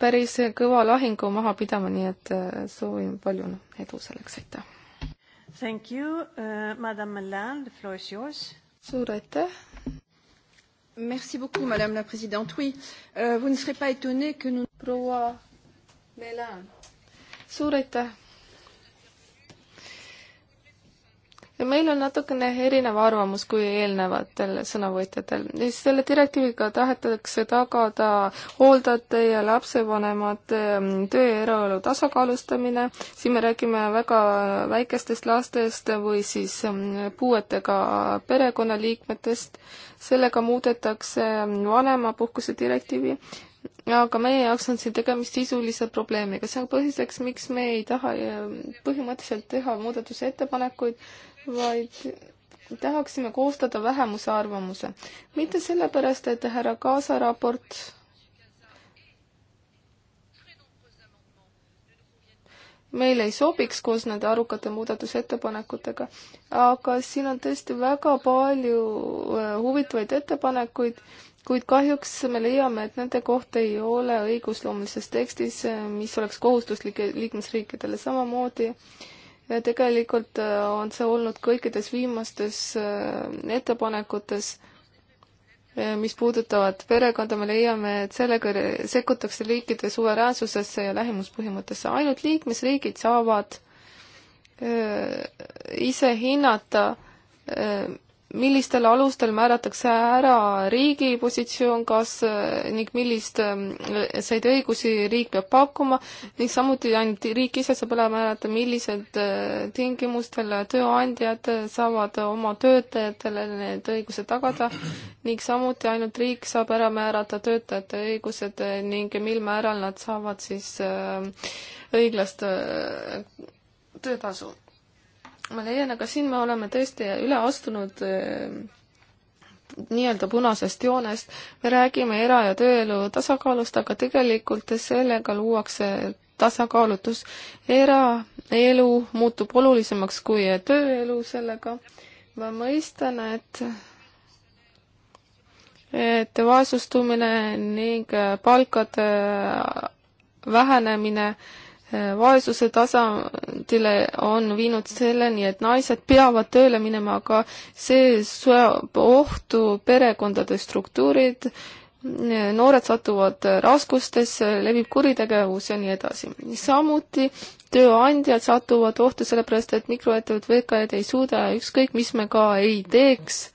päris kõva lahingu maha pidama, nii et äh, soovin palju edu selleks, aitäh! Thank you uh,, madam Melan, the floor is yours. suur aitäh! Merci beaucoup, madame la présidente. Oui, euh, vous ne serez pas étonnée que nous... proua Melan, suur aitäh meil on natukene erinev arvamus kui eelnevatel sõnavõtjatel. selle direktiiviga tahetakse tagada hooldajate ja lapsevanemate mm, töö ja eraelu tasakaalustamine, siin me räägime väga väikestest lastest või siis mm, puuetega perekonnaliikmetest, sellega muudetakse mm, vanemapuhkuse direktiivi, aga meie jaoks on siin tegemist sisulise probleemiga, see on põhjuseks, miks me ei taha põhimõtteliselt teha muudatusettepanekuid, vaid tahaksime koostada vähemuse arvamuse. mitte sellepärast, et härra Kaasa raport meile ei sobiks koos nende arukate muudatusettepanekutega, aga siin on tõesti väga palju äh, huvitavaid ettepanekuid, kuid kahjuks me leiame, et nende kohta ei ole õigusloomulises tekstis, äh, mis oleks kohustuslik liikmesriikidele samamoodi äh, ja tegelikult äh, on see olnud kõikides viimastes äh, ettepanekutes, äh, mis puudutavad perekonda, me leiame, et sellega sekkutakse riikide suveräänsusesse ja lähimuspõhimõttesse. ainult liikmesriigid saavad ise hinnata, millistel alustel määratakse ära riigi positsioon, kas ning millist seid õigusi riik peab pakkuma ning samuti ainult riik ise saab ära määrata, millised äh, tingimustel tööandjad saavad oma töötajatele need õigused tagada ning samuti ainult riik saab ära määrata töötajate õigused ning mil määral nad saavad siis äh, õiglast äh, töötasu ma leian, aga siin me oleme tõesti üle astunud e, nii-öelda punasest joonest, me räägime era- ja tööelu tasakaalust, aga tegelikult sellega luuakse tasakaalutus. eraelu muutub olulisemaks kui tööelu sellega. ma mõistan, et et vaesustumine ning palkade vähenemine äh, vaesuse tasandile on viinud selleni, et naised peavad tööle minema, aga see seab ohtu perekondade struktuurid, noored satuvad raskustesse, levib kuritegevus ja nii edasi. samuti tööandjad satuvad ohtu sellepärast, et mikroettevõtted, VKE-d ei suuda, ükskõik mis me ka ei teeks,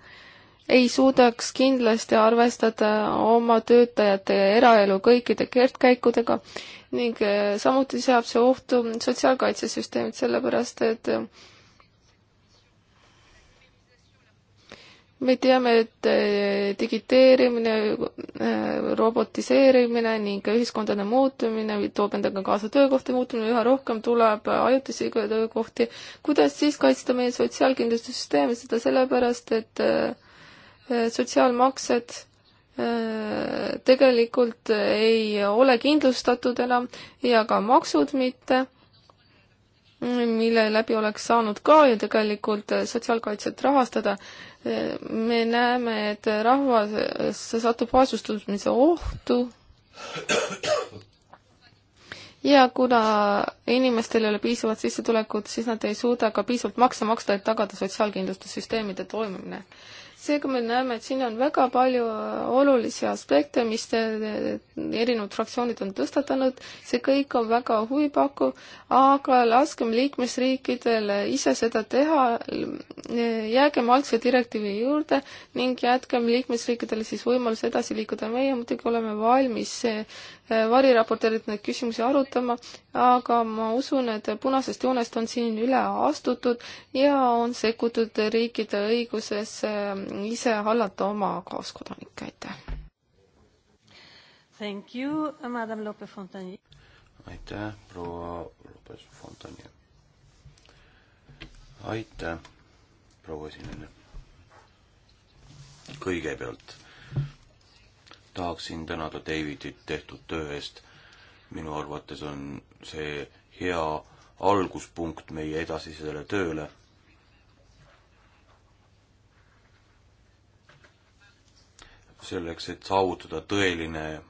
ei suudaks kindlasti arvestada oma töötajate eraelu kõikide keerdkäikudega ning äh, samuti seab see ohtu sotsiaalkaitsesüsteemid, sellepärast et äh, me teame, et äh, digiteerimine, robotiseerimine ning ühiskondade muutumine toob endaga kaasa töökohti muutumine, üha rohkem tuleb ajutisi töökohti. kuidas siis kaitsta meie sotsiaalkindlustussüsteemi, seda sellepärast, et sotsiaalmaksed Äh, tegelikult ei ole kindlustatud enam ja ka maksud mitte, mille läbi oleks saanud ka ju tegelikult sotsiaalkaitset rahastada. Äh, me näeme, et rahvas satub vaesustumise ohtu. ja kuna inimestel ei ole piisavat sissetulekut, siis nad ei suuda ka piisavalt makse maksta, et tagada sotsiaalkindlustussüsteemide toimimine seega me näeme, et siin on väga palju äh, olulisi aspekte, mis erinevad fraktsioonid on tõstatanud, see kõik on väga huvipakkuv, aga laskem liikmesriikidel ise seda teha, jäägem algse direktiivi juurde ning jätkem liikmesriikidele siis võimaluse edasi liikuda, meie muidugi oleme valmis variraportöörid neid küsimusi arutama, aga ma usun, et punasest joonest on siin üle astutud ja on sekkutud riikide õigusesse äh, ise hallata oma kaaskodanikke, aitäh. Thank you, madam Lope-Fontani. aitäh, proua Lope-Fontani. aitäh, proua esineja. kõigepealt tahaksin tänada Davidit tehtud töö eest. minu arvates on see hea alguspunkt meie edasisele tööle. selleks, et saavutada tõeline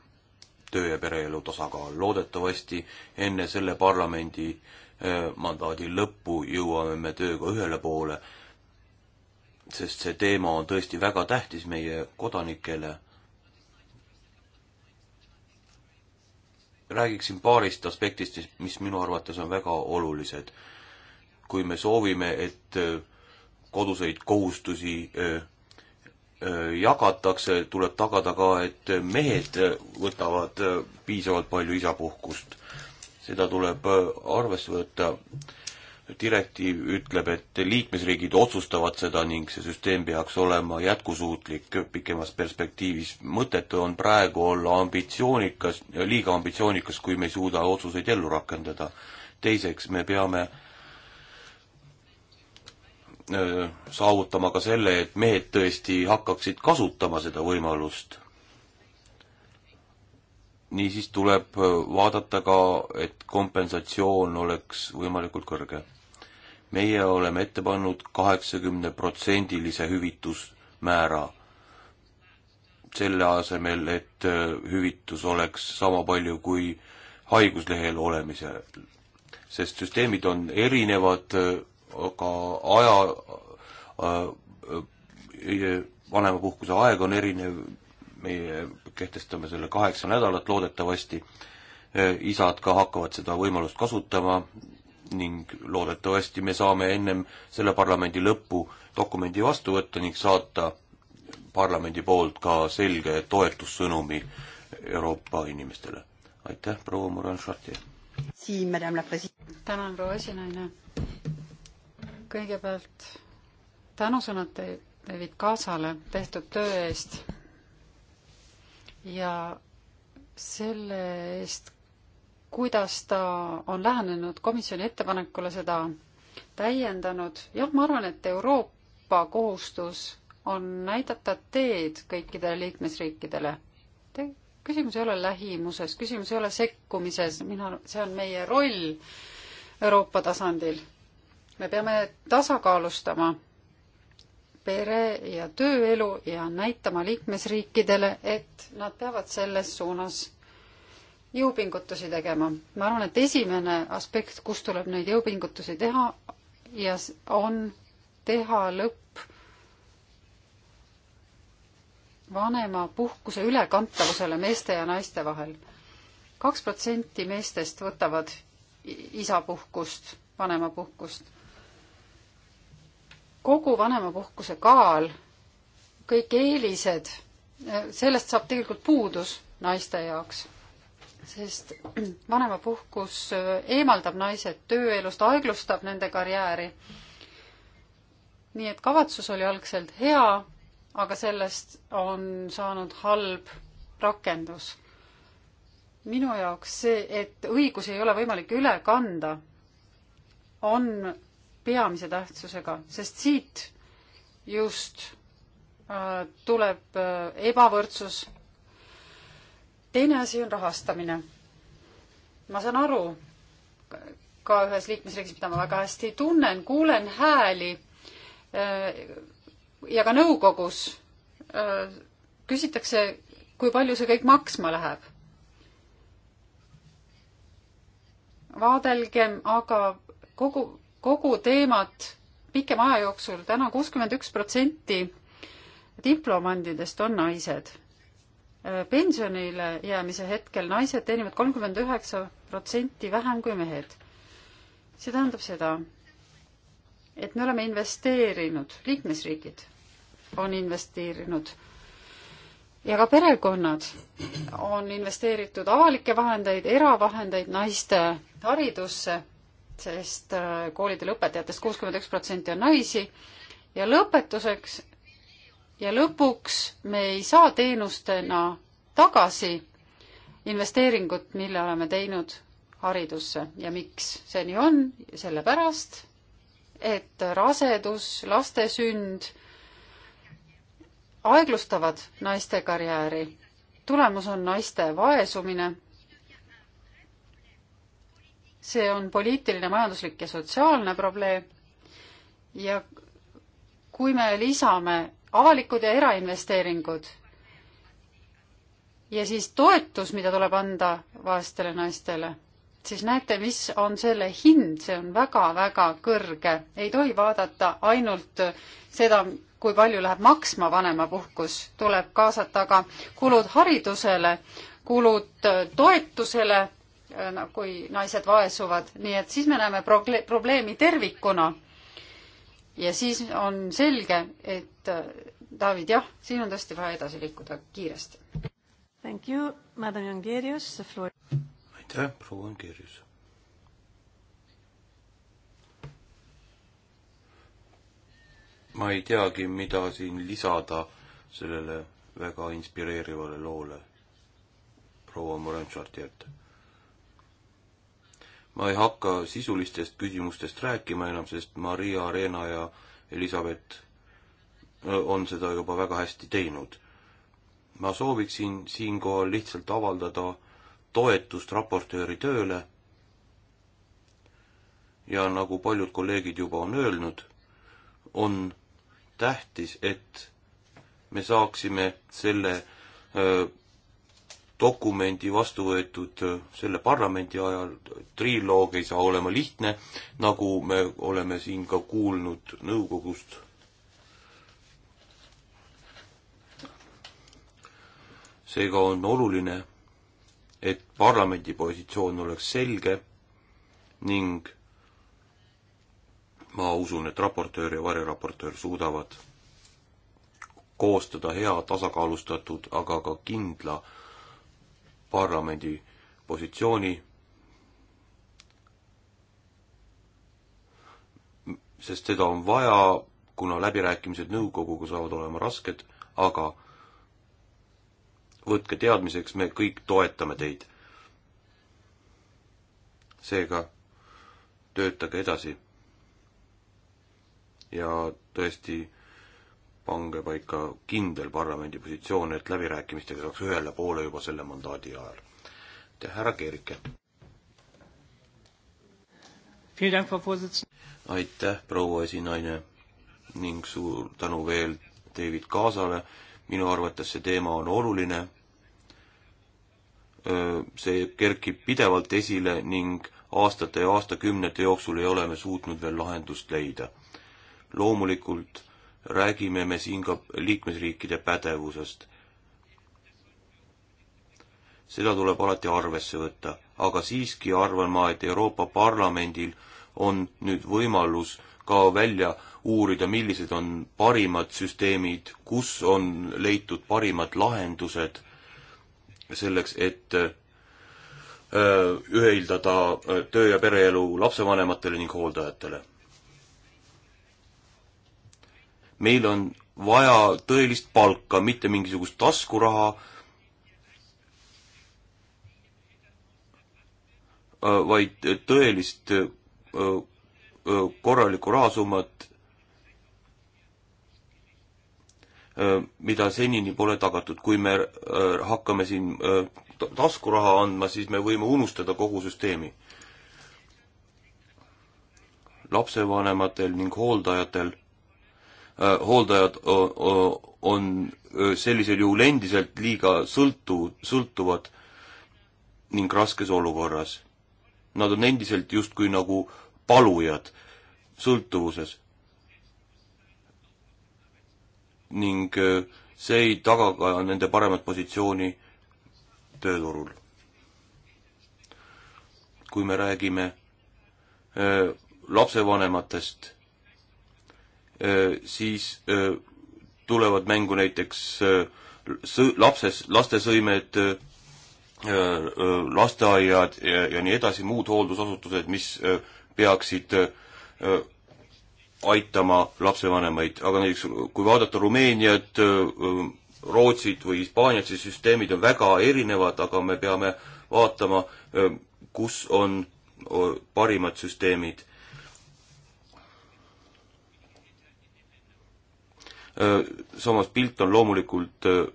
töö- ja pereelu tasakaal. loodetavasti enne selle parlamendi eh, mandaadi lõppu jõuame me tööga ühele poole, sest see teema on tõesti väga tähtis meie kodanikele räägiksin paarist aspektist, mis minu arvates on väga olulised. kui me soovime, et äh, koduseid kohustusi äh, äh, jagatakse, tuleb tagada ka, et mehed võtavad piisavalt palju isapuhkust. seda tuleb arvesse võtta direktiiv ütleb, et liikmesriigid otsustavad seda ning see süsteem peaks olema jätkusuutlik pikemas perspektiivis. mõttetu on praegu olla ambitsioonikas, liiga ambitsioonikas, kui me ei suuda otsuseid ellu rakendada. teiseks, me peame saavutama ka selle, et mehed tõesti hakkaksid kasutama seda võimalust. niisiis tuleb vaadata ka, et kompensatsioon oleks võimalikult kõrge meie oleme ette pannud kaheksakümneprotsendilise hüvitusmäära, selle asemel, et äh, hüvitus oleks sama palju kui haiguslehel olemisel. sest süsteemid on erinevad, äh, aga aja äh, äh,, vanemapuhkuse aeg on erinev, meie kehtestame selle kaheksa nädalat loodetavasti, isad ka hakkavad seda võimalust kasutama, ning loodetavasti me saame ennem selle parlamendi lõppu dokumendi vastu võtta ning saata parlamendi poolt ka selge toetussõnumi Euroopa inimestele. aitäh, proua Morin-Chartier! tänan, proua esinaine! kõigepealt tänusõnad David Kaasale tehtud töö eest ja selle eest kuidas ta on lähenenud komisjoni ettepanekule, seda täiendanud. jah, ma arvan, et Euroopa kohustus on näidata teed kõikidele liikmesriikidele. küsimus ei ole lähimuses, küsimus ei ole sekkumises, mina, see on meie roll Euroopa tasandil. me peame tasakaalustama pere- ja tööelu ja näitama liikmesriikidele, et nad peavad selles suunas jõupingutusi tegema. ma arvan, et esimene aspekt, kus tuleb neid jõupingutusi teha ja on teha lõpp vanemapuhkuse ülekantavusele meeste ja naiste vahel. kaks protsenti meestest võtavad isapuhkust, vanemapuhkust. kogu vanemapuhkuse kaal, kõik eelised, sellest saab tegelikult puudus naiste jaoks sest vanemapuhkus äh, eemaldab naised tööelust, aeglustab nende karjääri. nii et kavatsus oli algselt hea, aga sellest on saanud halb rakendus. minu jaoks see, et õigusi ei ole võimalik üle kanda, on peamise tähtsusega, sest siit just äh, tuleb äh, ebavõrdsus teine asi on rahastamine. ma saan aru ka ühes liikmesriigis, mida ma väga hästi tunnen, kuulen hääli äh, ja ka nõukogus äh, küsitakse, kui palju see kõik maksma läheb. vaadelgem aga kogu, kogu teemat pikema aja jooksul täna, täna kuuskümmend üks protsenti diplomandidest on naised Äh, pensionile jäämise hetkel naised teenivad kolmkümmend üheksa protsenti vähem kui mehed. see tähendab seda, et me oleme investeerinud, liikmesriigid on investeerinud ja ka perekonnad on investeeritud avalikke vahendeid, eravahendeid naiste haridusse, sest äh, koolide lõpetajatest kuuskümmend üks protsenti on naisi ja lõpetuseks ja lõpuks me ei saa teenustena tagasi investeeringut, mille oleme teinud haridusse ja miks see nii on, sellepärast et rasedus, laste sünd aeglustavad naiste karjääri. tulemus on naiste vaesumine. see on poliitiline, majanduslik ja sotsiaalne probleem. ja kui me lisame avalikud ja erainvesteeringud. ja siis toetus, mida tuleb anda vaestele naistele, siis näete, mis on selle hind, see on väga-väga kõrge. ei tohi vaadata ainult seda, kui palju läheb maksma vanemapuhkus, tuleb kaasata ka kulud haridusele, kulud toetusele, äh, kui naised vaesuvad, nii et siis me näeme probleemi tervikuna ja siis on selge, et äh, David, jah, siin on tõesti vaja edasi liikuda kiiresti. Thank you, madam Jongerius, the floor. aitäh, proua Jongerius. ma ei teagi, mida siin lisada sellele väga inspireerivale loole proua Morantšartilt ma ei hakka sisulistest küsimustest rääkima enam, sest Maria Arena ja Elizabeth on seda juba väga hästi teinud. ma sooviksin siinkohal lihtsalt avaldada toetust raportööri tööle ja nagu paljud kolleegid juba on öelnud, on tähtis, et me saaksime selle öö, äh, dokumendi vastu võetud äh, selle parlamendi ajal, triloog ei saa olema lihtne, nagu me oleme siin ka kuulnud nõukogust. seega on oluline, et parlamendi positsioon oleks selge ning ma usun, et raportöör ja variraportöör suudavad koostada hea tasakaalustatud, aga ka kindla äh, parlamendi positsiooni, sest seda on vaja, kuna läbirääkimised nõukoguga saavad olema rasked, aga võtke teadmiseks, me kõik toetame teid. seega töötage edasi. ja tõesti pange paika kindel parlamendi positsioon, et läbirääkimistega saaks ühele poole juba selle mandaadi ajal. härra Keerike. aitäh, proua esinaine ning suur tänu veel David Kaasale. minu arvates see teema on oluline. see kerkib pidevalt esile ning aastate ja aastakümnete jooksul ei ole me suutnud veel lahendust leida. loomulikult räägime me siin ka liikmesriikide pädevusest. seda tuleb alati arvesse võtta, aga siiski arvan ma, et Euroopa Parlamendil on nüüd võimalus ka välja uurida, millised on parimad süsteemid, kus on leitud parimad lahendused selleks, et äh, ühildada äh, töö- ja pereelu lapsevanematele ning hooldajatele. meil on vaja tõelist palka, mitte mingisugust taskuraha, äh, vaid tõelist äh, äh, korralikku rahasummat, mida senini pole tagatud. kui me hakkame siin taskuraha andma, siis me võime unustada kogu süsteemi. lapsevanematel ning hooldajatel Äh, hooldajad on sellisel juhul endiselt liiga sõltu, sõltuvad ning raskes olukorras. Nad on endiselt justkui nagu palujad sõltuvuses. ning see ei taga ka nende paremat positsiooni tööturul. kui me räägime äh, lapsevanematest Äh, siis äh, tulevad mängu näiteks äh, lapses, lastesõimed, lasteaiad ja, ja nii edasi, muud hooldusasutused, mis peaksid aitama lapsevanemaid, aga näiteks kui vaadata Rumeeniat, Rootsit või Hispaaniat, siis süsteemid on väga erinevad, aga me peame vaatama, kus on parimad süsteemid. Äh, samas pilt on loomulikult äh,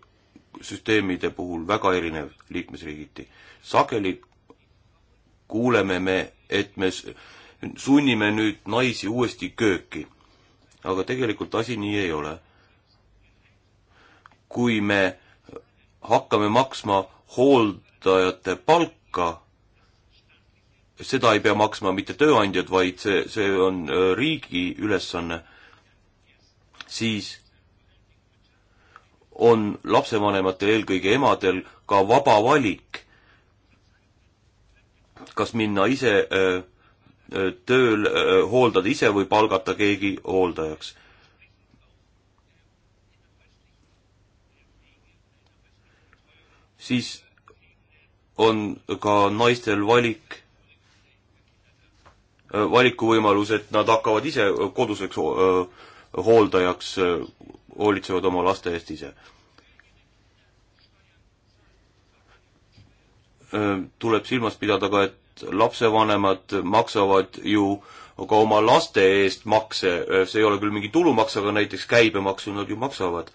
süsteemide puhul väga erinev liikmesriigiti. sageli kuuleme me, et me sunnime nüüd naisi uuesti kööki. aga tegelikult asi nii ei ole. kui me hakkame maksma hooldajate palka, seda ei pea maksma mitte tööandjad, vaid see, see on äh, riigi ülesanne, siis on lapsevanematel, eelkõige emadel, ka vaba valik, kas minna ise öö, äh, äh, tööl, äh, hooldada ise või palgata keegi hooldajaks. siis on ka naistel valik, valikuvõimalus, et nad hakkavad ise koduseks öö, hooldajaks äh, hoolitsevad oma laste eest ise. Äh, tuleb silmas pidada ka, et lapsevanemad maksavad ju ka oma laste eest makse, äh, see ei ole küll mingi tulumaks, aga näiteks käibemaksu nad ju maksavad.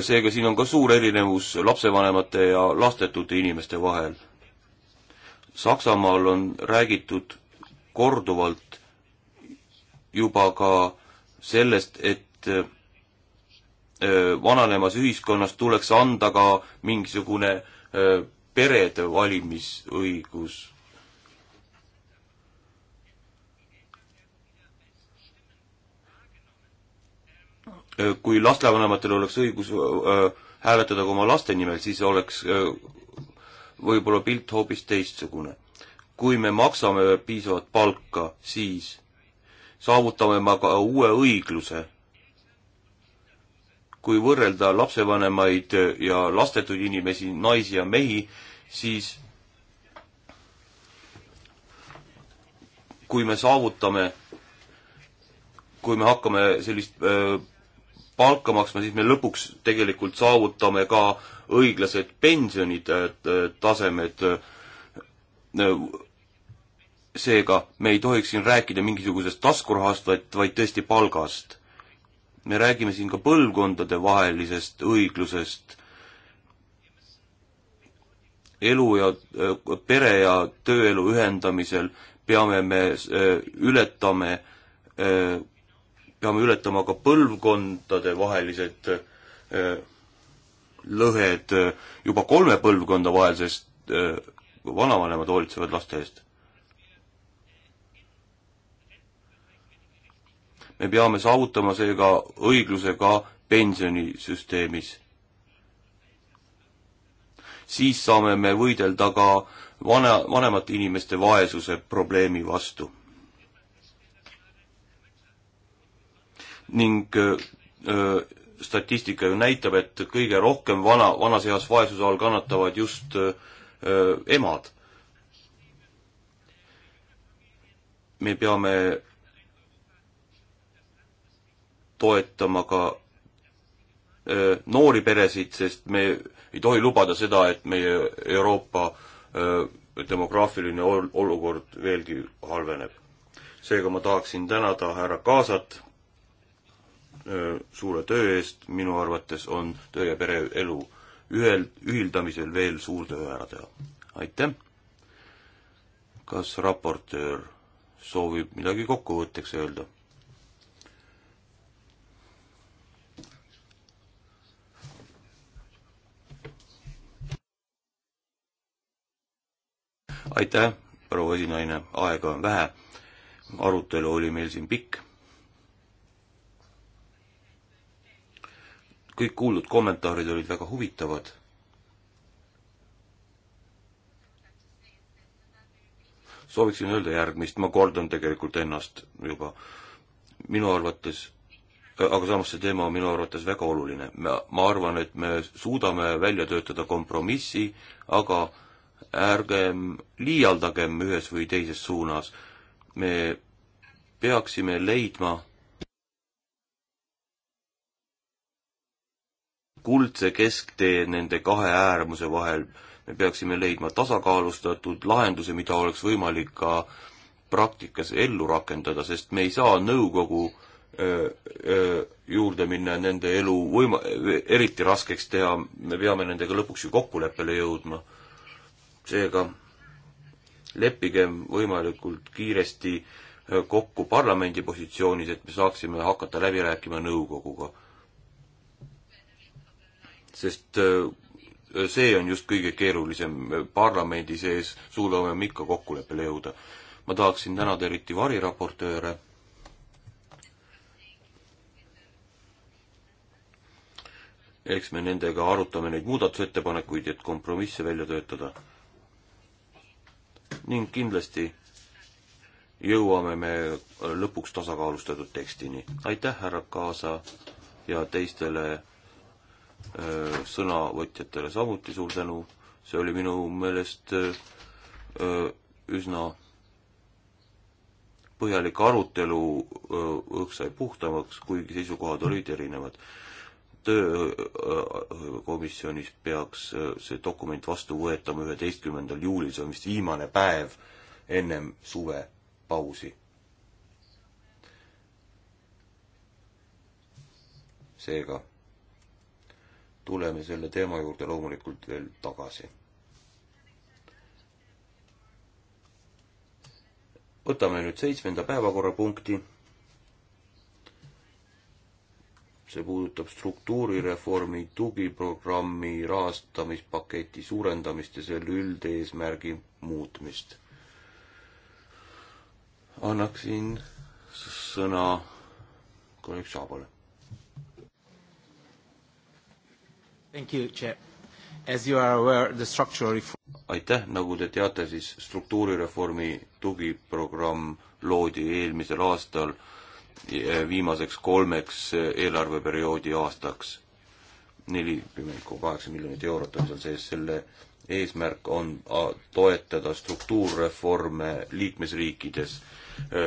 seega siin on ka suur erinevus lapsevanemate ja lastetute inimeste vahel. Saksamaal on räägitud korduvalt juba ka sellest, et äh, vananevas ühiskonnas tuleks anda ka mingisugune äh, perede valimisõigus. Äh, kui lastevanematel oleks õigus hääletada ka oma laste nimel, siis oleks võib-olla pilt hoopis teistsugune kui me maksame piisavat palka, siis saavutame me ka uue õigluse. kui võrrelda lapsevanemaid ja lastetuid inimesi, naisi ja mehi, siis kui me saavutame, kui me hakkame sellist öö, palka maksma, siis me lõpuks tegelikult saavutame ka õiglased pensionid, tasemed, seega me ei tohiks siin rääkida mingisugusest taskurahast, vaid, vaid tõesti palgast. me räägime siin ka põlvkondadevahelisest õiglusest, elu ja äh, pere ja tööelu ühendamisel peame me äh, ületame, äh, peame ületama ka põlvkondadevahelised lõhed juba kolme põlvkonda vahel, sest vanavanemad hoolitsevad laste eest me peame saavutama seega õigluse ka pensionisüsteemis. siis saame me võidelda ka vana, vanemate inimeste vaesuse probleemi vastu. ning öö, statistika ju näitab, et kõige rohkem vana, vanas eas vaesuse all kannatavad just öö, emad. me peame toetama ka öö, noori peresid, sest me ei tohi lubada seda, et meie Euroopa öö, demograafiline ol olukord veelgi halveneb. seega ma tahaksin tänada härra Kaasat öö, suure töö eest, minu arvates on töö ja pereelu ühel, ühildamisel veel suur töö ära teha. aitäh! kas raportöör soovib midagi kokkuvõtteks öelda? aitäh, proua esinaine, aega on vähe. arutelu oli meil siin pikk. kõik kuuldud kommentaarid olid väga huvitavad. sooviksin öelda järgmist, ma kordan tegelikult ennast juba. minu arvates aga samas see teema on minu arvates väga oluline. ma arvan, et me suudame välja töötada kompromissi, aga ärgem liialdagem ühes või teises suunas. me peaksime leidma kuldse kesktee nende kahe äärmuse vahel. me peaksime leidma tasakaalustatud lahenduse, mida oleks võimalik ka praktikas ellu rakendada, sest me ei saa nõukogu öö, öö, juurde minna ja nende elu võima-, eriti raskeks teha, me peame nendega lõpuks ju kokkuleppele jõudma seega leppigem võimalikult kiiresti äh, kokku parlamendi positsioonis, et me saaksime hakata läbi rääkima nõukoguga. sest äh, see on just kõige keerulisem parlamendi sees, suudame me ikka kokkuleppele jõuda. ma tahaksin tänada eriti variraportööre, eks me nendega arutame neid muudatusettepanekuid, et kompromisse välja töötada ning kindlasti jõuame me lõpuks tasakaalustatud tekstini. aitäh, härra Kaasa ja teistele öö, äh, sõnavõtjatele samuti suur tänu, see oli minu meelest öö, äh, äh, üsna põhjalik arutelu, õhk sai puhtamaks, kuigi seisukohad olid erinevad töökomisjonis peaks äh, see dokument vastu võetama üheteistkümnendal juulil, see on vist viimane päev ennem suvepausi. seega tuleme selle teema juurde loomulikult veel tagasi. võtame nüüd seitsmenda päevakorrapunkti see puudutab struktuurireformi tugiprogrammi rahastamispaketi suurendamist ja selle üldeesmärgi muutmist. annaksin sõna kolleeg Saabale. aitäh, nagu te teate, siis struktuurireformi tugiprogramm loodi eelmisel aastal viimaseks kolmeks eelarveperioodi aastaks. nelikümmend koma kaheksa miljonit eurot on seal sees, selle eesmärk on toetada struktuurreforme liikmesriikides, e,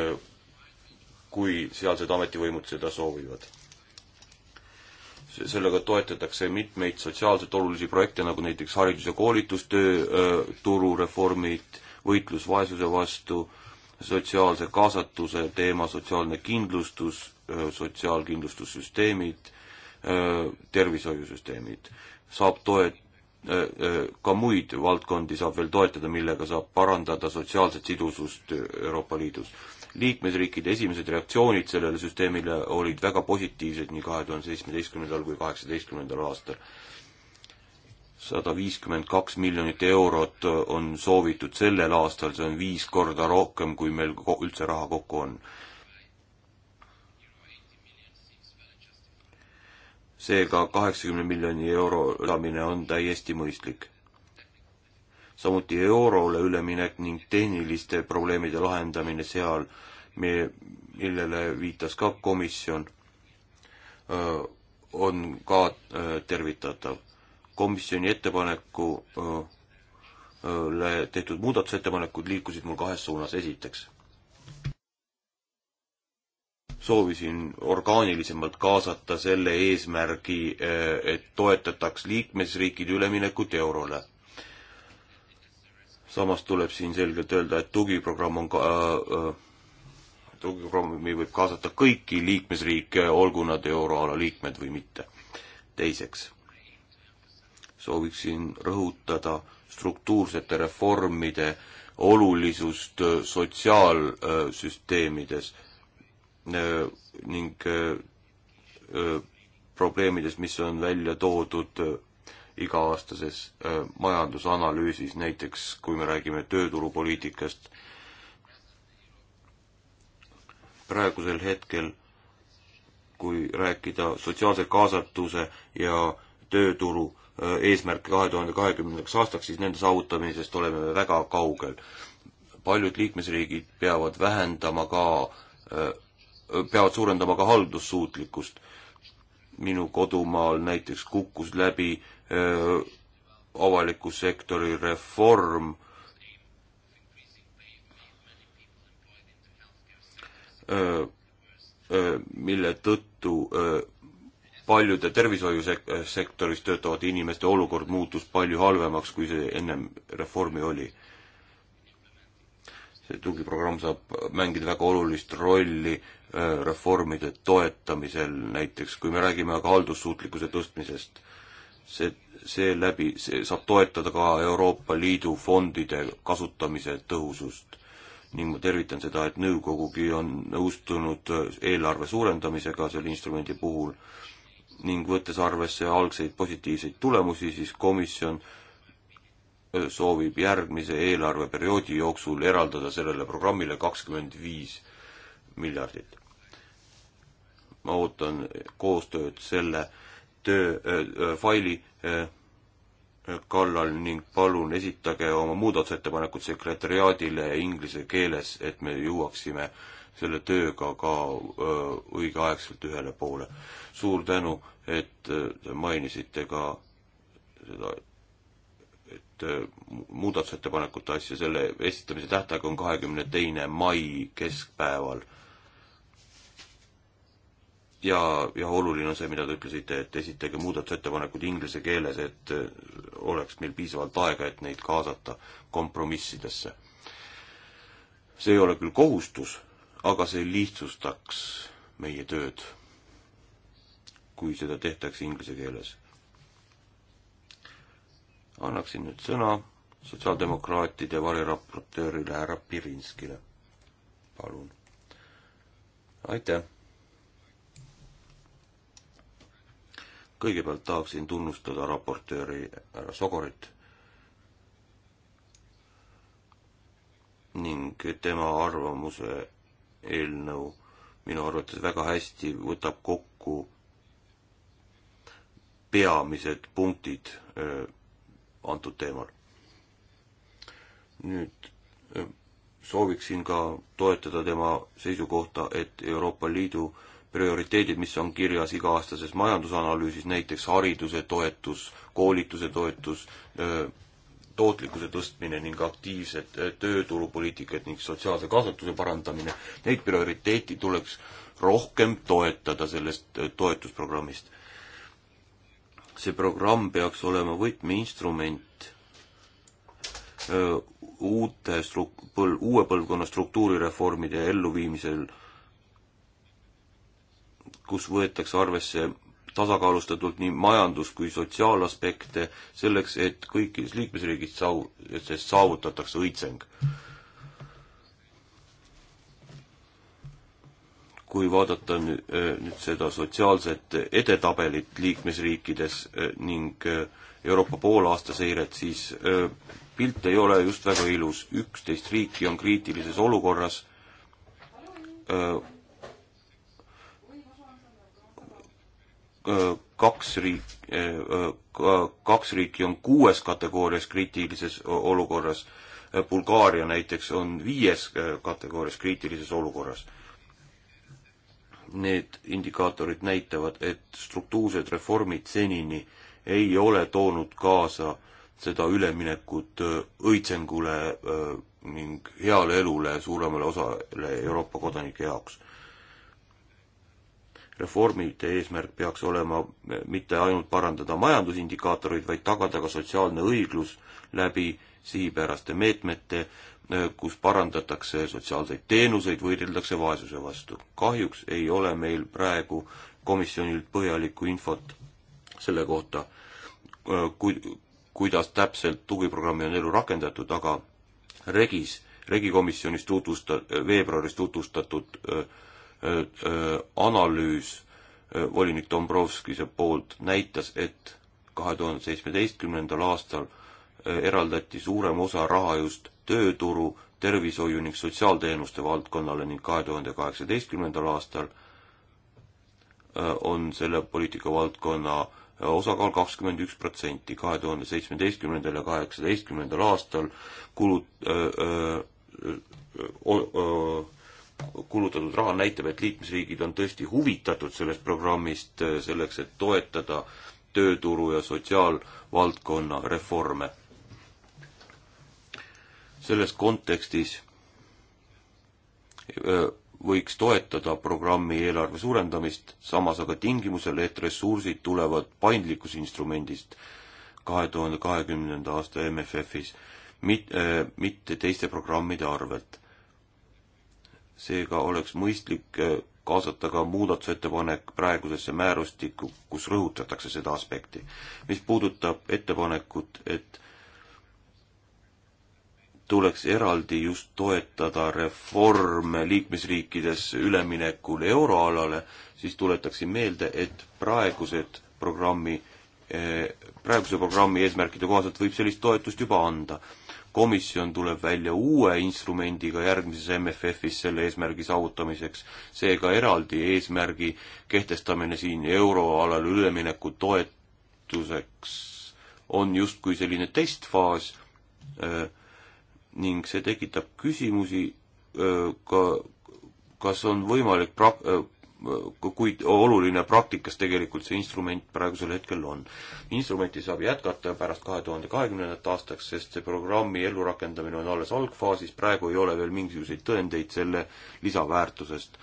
kui sealsed ametivõimud seda soovivad. sellega toetatakse mitmeid sotsiaalselt olulisi projekte, nagu näiteks haridus- ja koolitustöö, e, turureformid, võitlus vaesuse vastu, sotsiaalse kaasatuse teema, sotsiaalne kindlustus, sotsiaalkindlustussüsteemid, tervishoiusüsteemid, saab toet-, ka muid valdkondi saab veel toetada, millega saab parandada sotsiaalset sidusust Euroopa Liidus. liikmesriikide esimesed reaktsioonid sellele süsteemile olid väga positiivsed nii kahe tuhande seitsmeteistkümnendal kui kaheksateistkümnendal aastal sada viiskümmend kaks miljonit eurot on soovitud sellel aastal, see on viis korda rohkem, kui meil üldse raha kokku on. seega kaheksakümne miljoni euro ülemine on täiesti mõistlik. samuti eurole üleminek ning tehniliste probleemide lahendamine seal, millele viitas ka komisjon, on ka tervitatav komisjoni ettepanekule tehtud muudatusettepanekud liikusid mul kahes suunas, esiteks soovisin orgaanilisemalt kaasata selle eesmärgi, et toetataks liikmesriikide üleminekut eurole. samas tuleb siin selgelt öelda, et tugiprogramm on ka äh, tugiprogrammi võib kaasata kõiki liikmesriike, olgu nad euroala liikmed või mitte. teiseks sooviksin rõhutada struktuursete reformide olulisust äh, sotsiaalsüsteemides äh, ning äh, probleemides, mis on välja toodud iga-aastases majandusanalüüsis, näiteks kui me räägime tööturupoliitikast. praegusel hetkel, kui rääkida sotsiaalse kaasatuse ja tööturu Äh, eesmärke kahe tuhande kahekümnendaks aastaks, siis nende saavutamisest oleme me väga kaugel. paljud liikmesriigid peavad vähendama ka, äh, peavad suurendama ka haldussuutlikkust. minu kodumaal näiteks kukkus läbi äh, avaliku sektori reform, mille tõttu öö, paljude tervishoiusektoris töötavate inimeste olukord muutus palju halvemaks, kui see ennem reformi oli. see tugiprogramm saab mängida väga olulist rolli äh, reformide toetamisel näiteks, kui me räägime aga haldussuutlikkuse tõstmisest, see, seeläbi see saab toetada ka Euroopa Liidu fondide kasutamise tõhusust ning ma tervitan seda, et nõukogugi on nõustunud äh, eelarve suurendamisega selle instrumendi puhul ning võttes arvesse algseid positiivseid tulemusi, siis komisjon soovib järgmise eelarveperioodi jooksul eraldada sellele programmile kakskümmend viis miljardit. ma ootan koostööd selle töö äh,, faili äh, kallal ning palun esitage oma muudatusettepanekud sekretäriaadile inglise keeles, et me jõuaksime äh, selle tööga ka õigeaegselt ühele poole. suur tänu, et te mainisite ka seda, et muudatusettepanekute asja, selle esitamise tähtaeg on kahekümne teine mai keskpäeval ja, ja oluline on see, mida te ütlesite, et esitage muudatusettepanekud inglise keeles, et oleks meil piisavalt aega, et neid kaasata kompromissidesse. see ei ole küll kohustus, aga see lihtsustaks meie tööd, kui seda tehtaks inglise keeles. annaksin nüüd sõna sotsiaaldemokraatide variraportöörile härra Pirinskile. palun. aitäh. kõigepealt tahaksin tunnustada raportööri härra Sogorit ning tema arvamuse eelnõu minu arvates väga hästi võtab kokku peamised punktid öö, äh, antud teemal. nüüd öö, äh, sooviksin ka toetada tema seisukohta, et Euroopa Liidu prioriteedid, mis on kirjas iga-aastases majandusanalüüsis, näiteks hariduse toetus, koolituse toetus, äh, tootlikkuse tõstmine ning aktiivsed äh, tööturupoliitikad ning sotsiaalse kaasatuse parandamine, neid prioriteeti tuleks rohkem toetada sellest äh, toetusprogrammist. see programm peaks olema võtmeinstrument äh, uute struk-, põl-, uue põlvkonna struktuurireformide elluviimisel, kus võetakse arvesse tasakaalustatult nii majandus- kui sotsiaalaspekte, selleks et kõikides liikmesriigid saav-, saavutatakse õitseng. kui vaadata nüüd, äh, nüüd seda sotsiaalset edetabelit liikmesriikides äh, ning äh, Euroopa poolaasta seiret, siis pilt ei ole just väga ilus, üksteist riiki on kriitilises olukorras, Äh, kaks riiki, äh, äh, kaks riiki on kuues kategoorias kriitilises olukorras, Bulgaaria näiteks on viies kategoorias kriitilises olukorras. Need indikaatorid näitavad, et struktuursed reformid senini ei ole toonud kaasa seda üleminekut õitsengule ning heale elule suuremale osale Euroopa kodanike jaoks reformide eesmärk peaks olema eh, mitte ainult parandada majandusindikaatoreid, vaid tagada ka sotsiaalne õiglus läbi sihipäraste meetmete, eh, kus parandatakse sotsiaalseid teenuseid, võideldakse vaesuse vastu. kahjuks ei ole meil praegu komisjonilt põhjalikku infot selle kohta, eh, kui, kuidas täpselt tugiprogrammi on ellu rakendatud, aga regis, regikomisjonis tutvusta-, veebruaris tutvustatud öö, Äh, äh, analüüs äh, volinik Dombrovskise poolt näitas, et kahe tuhande seitsmeteistkümnendal aastal eraldati suurem osa raha just tööturu, tervishoiu ning sotsiaalteenuste valdkonnale ning kahe tuhande kaheksateistkümnendal aastal on selle poliitikavaldkonna osakaal kakskümmend üks protsenti, kahe tuhande seitsmeteistkümnendal ja kaheksateistkümnendal aastal kulud öö, öö, öö, kulutatud raha näitab, et liikmesriigid on tõesti huvitatud sellest programmist äh, selleks, et toetada tööturu ja sotsiaalvaldkonna reforme. selles kontekstis äh, võiks toetada programmi eelarve suurendamist, samas aga tingimusel, et ressursid tulevad paindlikkusinstrumendist kahe tuhande kahekümnenda aasta MFF-is, mit-, äh, mitte teiste programmide arvelt seega oleks mõistlik äh, kaasata ka muudatusettepanek praegusesse määrustikku, kus rõhutatakse seda aspekti. mis puudutab ettepanekut, et tuleks eraldi just toetada reforme liikmesriikides üleminekul euroalale, siis tuletaksin meelde, et praegused programmi, äh, praeguse programmi eesmärkide kohaselt võib sellist toetust juba anda komisjon tuleb välja uue instrumendiga järgmises MFF-is selle eesmärgi saavutamiseks. seega eraldi eesmärgi kehtestamine siin euroalal ülemineku toetuseks on justkui selline testfaas öö, äh, ning see tekitab küsimusi öö, äh, ka kas on võimalik pra-, äh, kuid oluline praktikas tegelikult see instrument praegusel hetkel on. instrumenti saab jätkata pärast kahe tuhande kahekümnendat aastaks, sest see programmi ellurakendamine on alles algfaasis, praegu ei ole veel mingisuguseid tõendeid selle lisaväärtusest.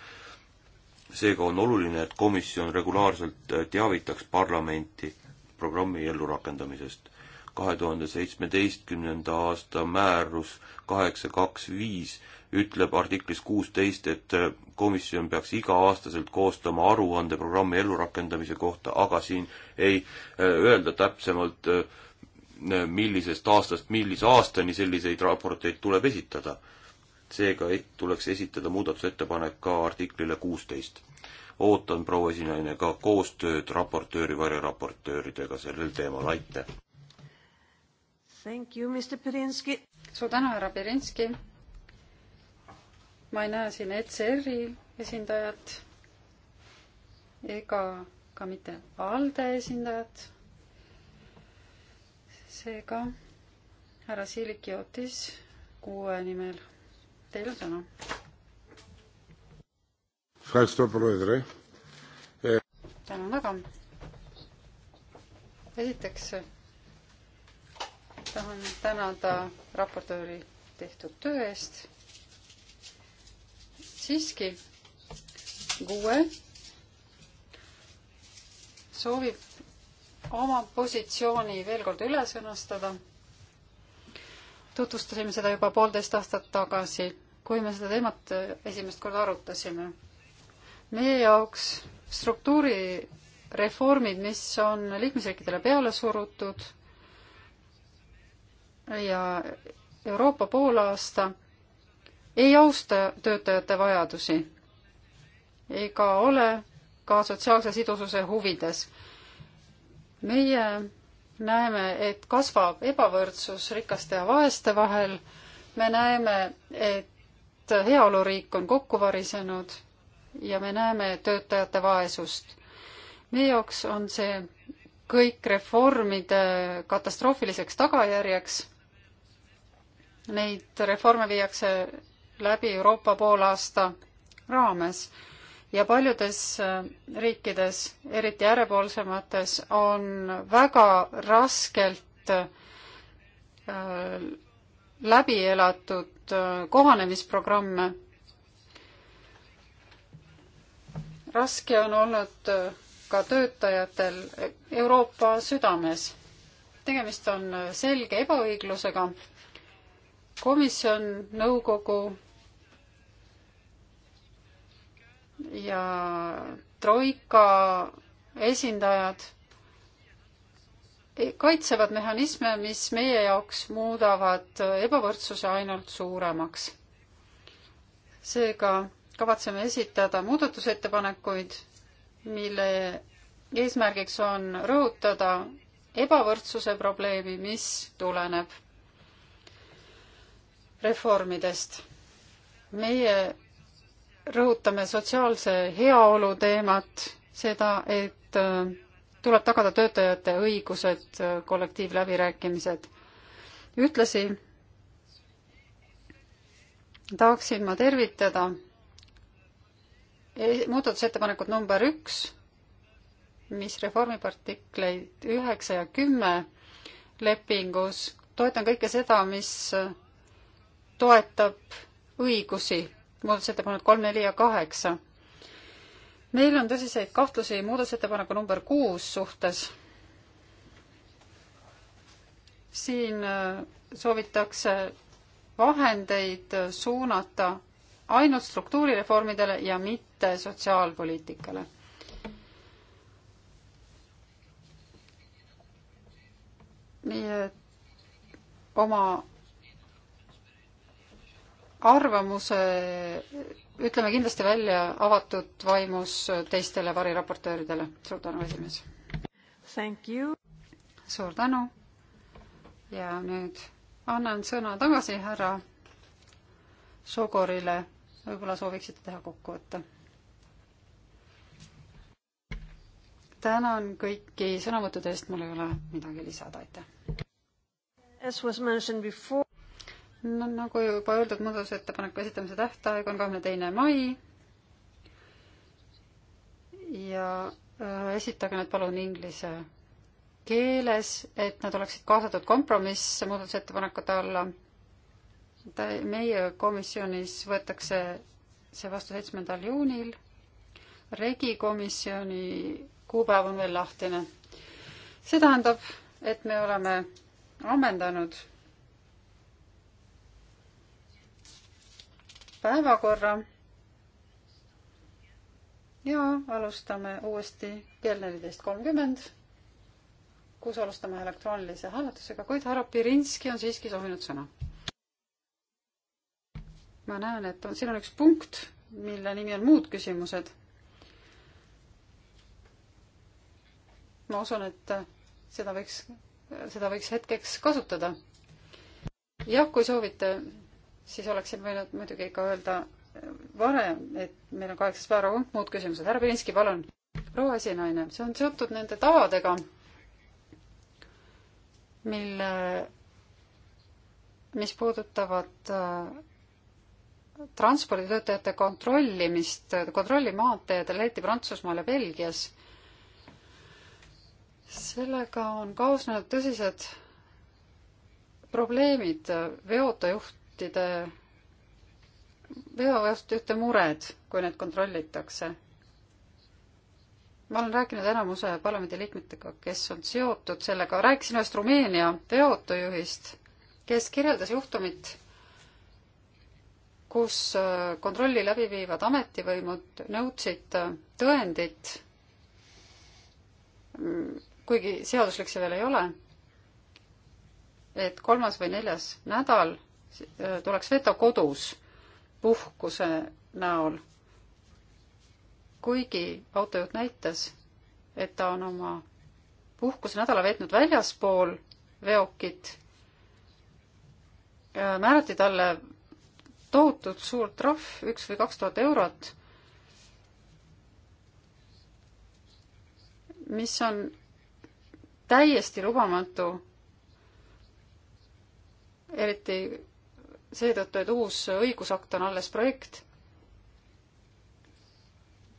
seega on oluline, et komisjon regulaarselt äh, teavitaks parlamenti programmi ellurakendamisest. kahe tuhande seitsmeteistkümnenda aasta määrus kaheksa kaks viis ütleb artiklis kuusteist, et äh, komisjon peaks iga-aastaselt koostama aruande programmi ellurakendamise kohta, aga siin ei äh, öelda täpsemalt, äh, millisest aastast millise aastani selliseid raporteid tuleb esitada. seega tuleks esitada muudatusettepanek ka artiklile kuusteist. ootan, proua esinaine, ka koostööd raportööri, variraportööridega sellel teemal, aitäh! Thank you, Mr Pirinski! suur tänu, härra Pirinski! ma ei näe siin ECR-i esindajat ega ka mitte ALDE esindajat. seega härra Siilik jõutis kuue nimel. Teil on sõna. tänan väga. esiteks tahan tänada raportööri tehtud töö eest siiski kuue soovib oma positsiooni veel kord üle sõnastada. tutvustasime seda juba poolteist aastat tagasi, kui me seda teemat esimest korda arutasime. meie jaoks struktuurireformid, mis on liikmesriikidele peale surutud ja Euroopa poolaasta ei austa töötajate vajadusi ega ole ka sotsiaalse sidususe huvides. meie näeme, et kasvab ebavõrdsus rikaste ja vaeste vahel. me näeme, et heaoluriik on kokku varisenud ja me näeme töötajate vaesust. meie jaoks on see kõik reformide katastroofiliseks tagajärjeks. Neid reforme viiakse läbi Euroopa poolaasta raames ja paljudes äh, riikides, eriti äärepoolsemates, on väga raskelt äh, läbi elatud äh, kohanemisprogramme. raske on olnud ka töötajatel Euroopa südames. tegemist on selge ebaõiglusega. komisjon, nõukogu ja troika esindajad e, kaitsevad mehhanisme, mis meie jaoks muudavad ebavõrdsuse ainult suuremaks. seega kavatseme esitada muudatusettepanekuid, mille eesmärgiks on rõhutada ebavõrdsuse probleemi, mis tuleneb reformidest. meie rõhutame sotsiaalse heaolu teemat, seda, et äh, tuleb tagada töötajate õigused, äh, kollektiivläbirääkimised. ühtlasi tahaksin ma tervitada e-, muudatusettepanekut number üks, mis reformib artikleid üheksa ja kümme lepingus. toetan kõike seda, mis äh, toetab õigusi muudatusettepanekud kolm, neli ja kaheksa. meil on tõsiseid kahtlusi muudatusettepaneku number kuus suhtes. siin äh, soovitakse vahendeid suunata ainult struktuurireformidele ja mitte sotsiaalpoliitikale. nii et oma arvamuse ütleme kindlasti välja avatud vaimus teistele variraportööridele. suur tänu, esimees! suur tänu! ja nüüd annan sõna tagasi härra Sogorile, võib-olla sooviksite teha kokkuvõtte? tänan kõiki sõnavõttude eest, mul ei ole midagi lisada, aitäh! no nagu juba öeldud, muudatusettepaneku esitamise tähtaeg on kahekümne teine mai. ja äh, esitage need palun inglise keeles, et nad oleksid kaasatud kompromisse muudatusettepanekute alla. meie komisjonis võetakse see vastu seitsmendal juunil. regikomisjoni kuupäev on veel lahtine. see tähendab, et me oleme ammendanud päevakorra. ja alustame uuesti kell neliteist kolmkümmend, kus alustame elektroonilise hääletusega, kuid härra Pirinski on siiski soovinud sõna. ma näen, et on, siin on üks punkt, mille nimi on muud küsimused. ma usun, et seda võiks, seda võiks hetkeks kasutada. jah, kui soovite siis oleksin võinud muidugi ka öelda äh, varem, et meil on kaheksas päevapunkt, muud küsimused. härra Belinski, palun. proua esinaine, see on seotud nende tavadega, mille, mis puudutavad äh, transporditöötajate kontrollimist, kontrolli maanteedel, eriti Prantsusmaal ja Belgias. sellega on kaasnenud tõsised probleemid äh, veoautojuht veoautide, veoautojuhte mured, kui need kontrollitakse. ma olen rääkinud enamuse parlamendiliikmetega, kes on seotud sellega, rääkisin ühest Rumeenia veoautojuhist, kes kirjeldas juhtumit, kus äh, kontrolli läbi viivad ametivõimud nõudsid äh, tõendit, mm, kuigi seaduslik see veel ei ole, et kolmas või neljas nädal tuleks veto kodus puhkuse näol. kuigi autojuht näitas, et ta on oma puhkusenädala veetnud väljaspool veokit, määrati talle tohutult suur trahv, üks või kaks tuhat eurot, mis on täiesti lubamatu, eriti seetõttu, et uus õigusakt on alles projekt.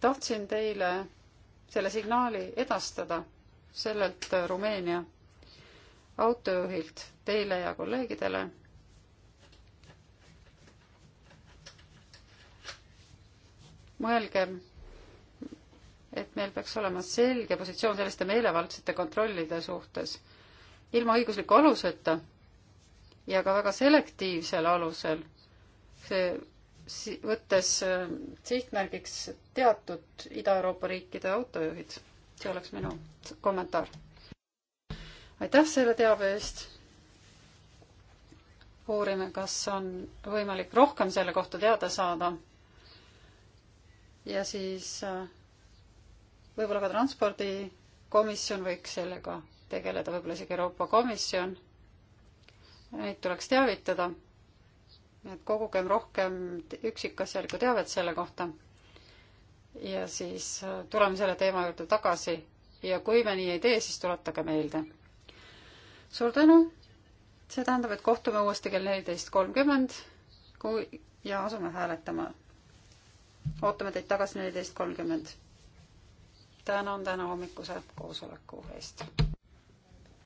tahtsin teile selle signaali edastada sellelt Rumeenia autojuhilt teile ja kolleegidele. mõelgem, et meil peaks olema selge positsioon selliste meelevaldsete kontrollide suhtes. ilma õigusliku aluseta ja ka väga selektiivsel alusel, see võttes äh, sihtmärgiks teatud Ida-Euroopa riikide autojuhid. see oleks minu kommentaar. aitäh selle teabe eest. uurime, kas on võimalik rohkem selle kohta teada saada. ja siis äh, võib-olla ka transpordikomisjon võiks sellega tegeleda, võib-olla isegi Euroopa Komisjon neid tuleks teavitada, et kogugem rohkem üksikasjalikku teavet selle kohta. ja siis äh, tuleme selle teema juurde tagasi ja kui me nii ei tee, siis tuletage meelde. suur tänu, see tähendab, et kohtume uuesti kell neliteist kolmkümmend, kui ja asume hääletama. ootame teid tagasi neliteist kolmkümmend. tänan täna hommikuse koosoleku eest.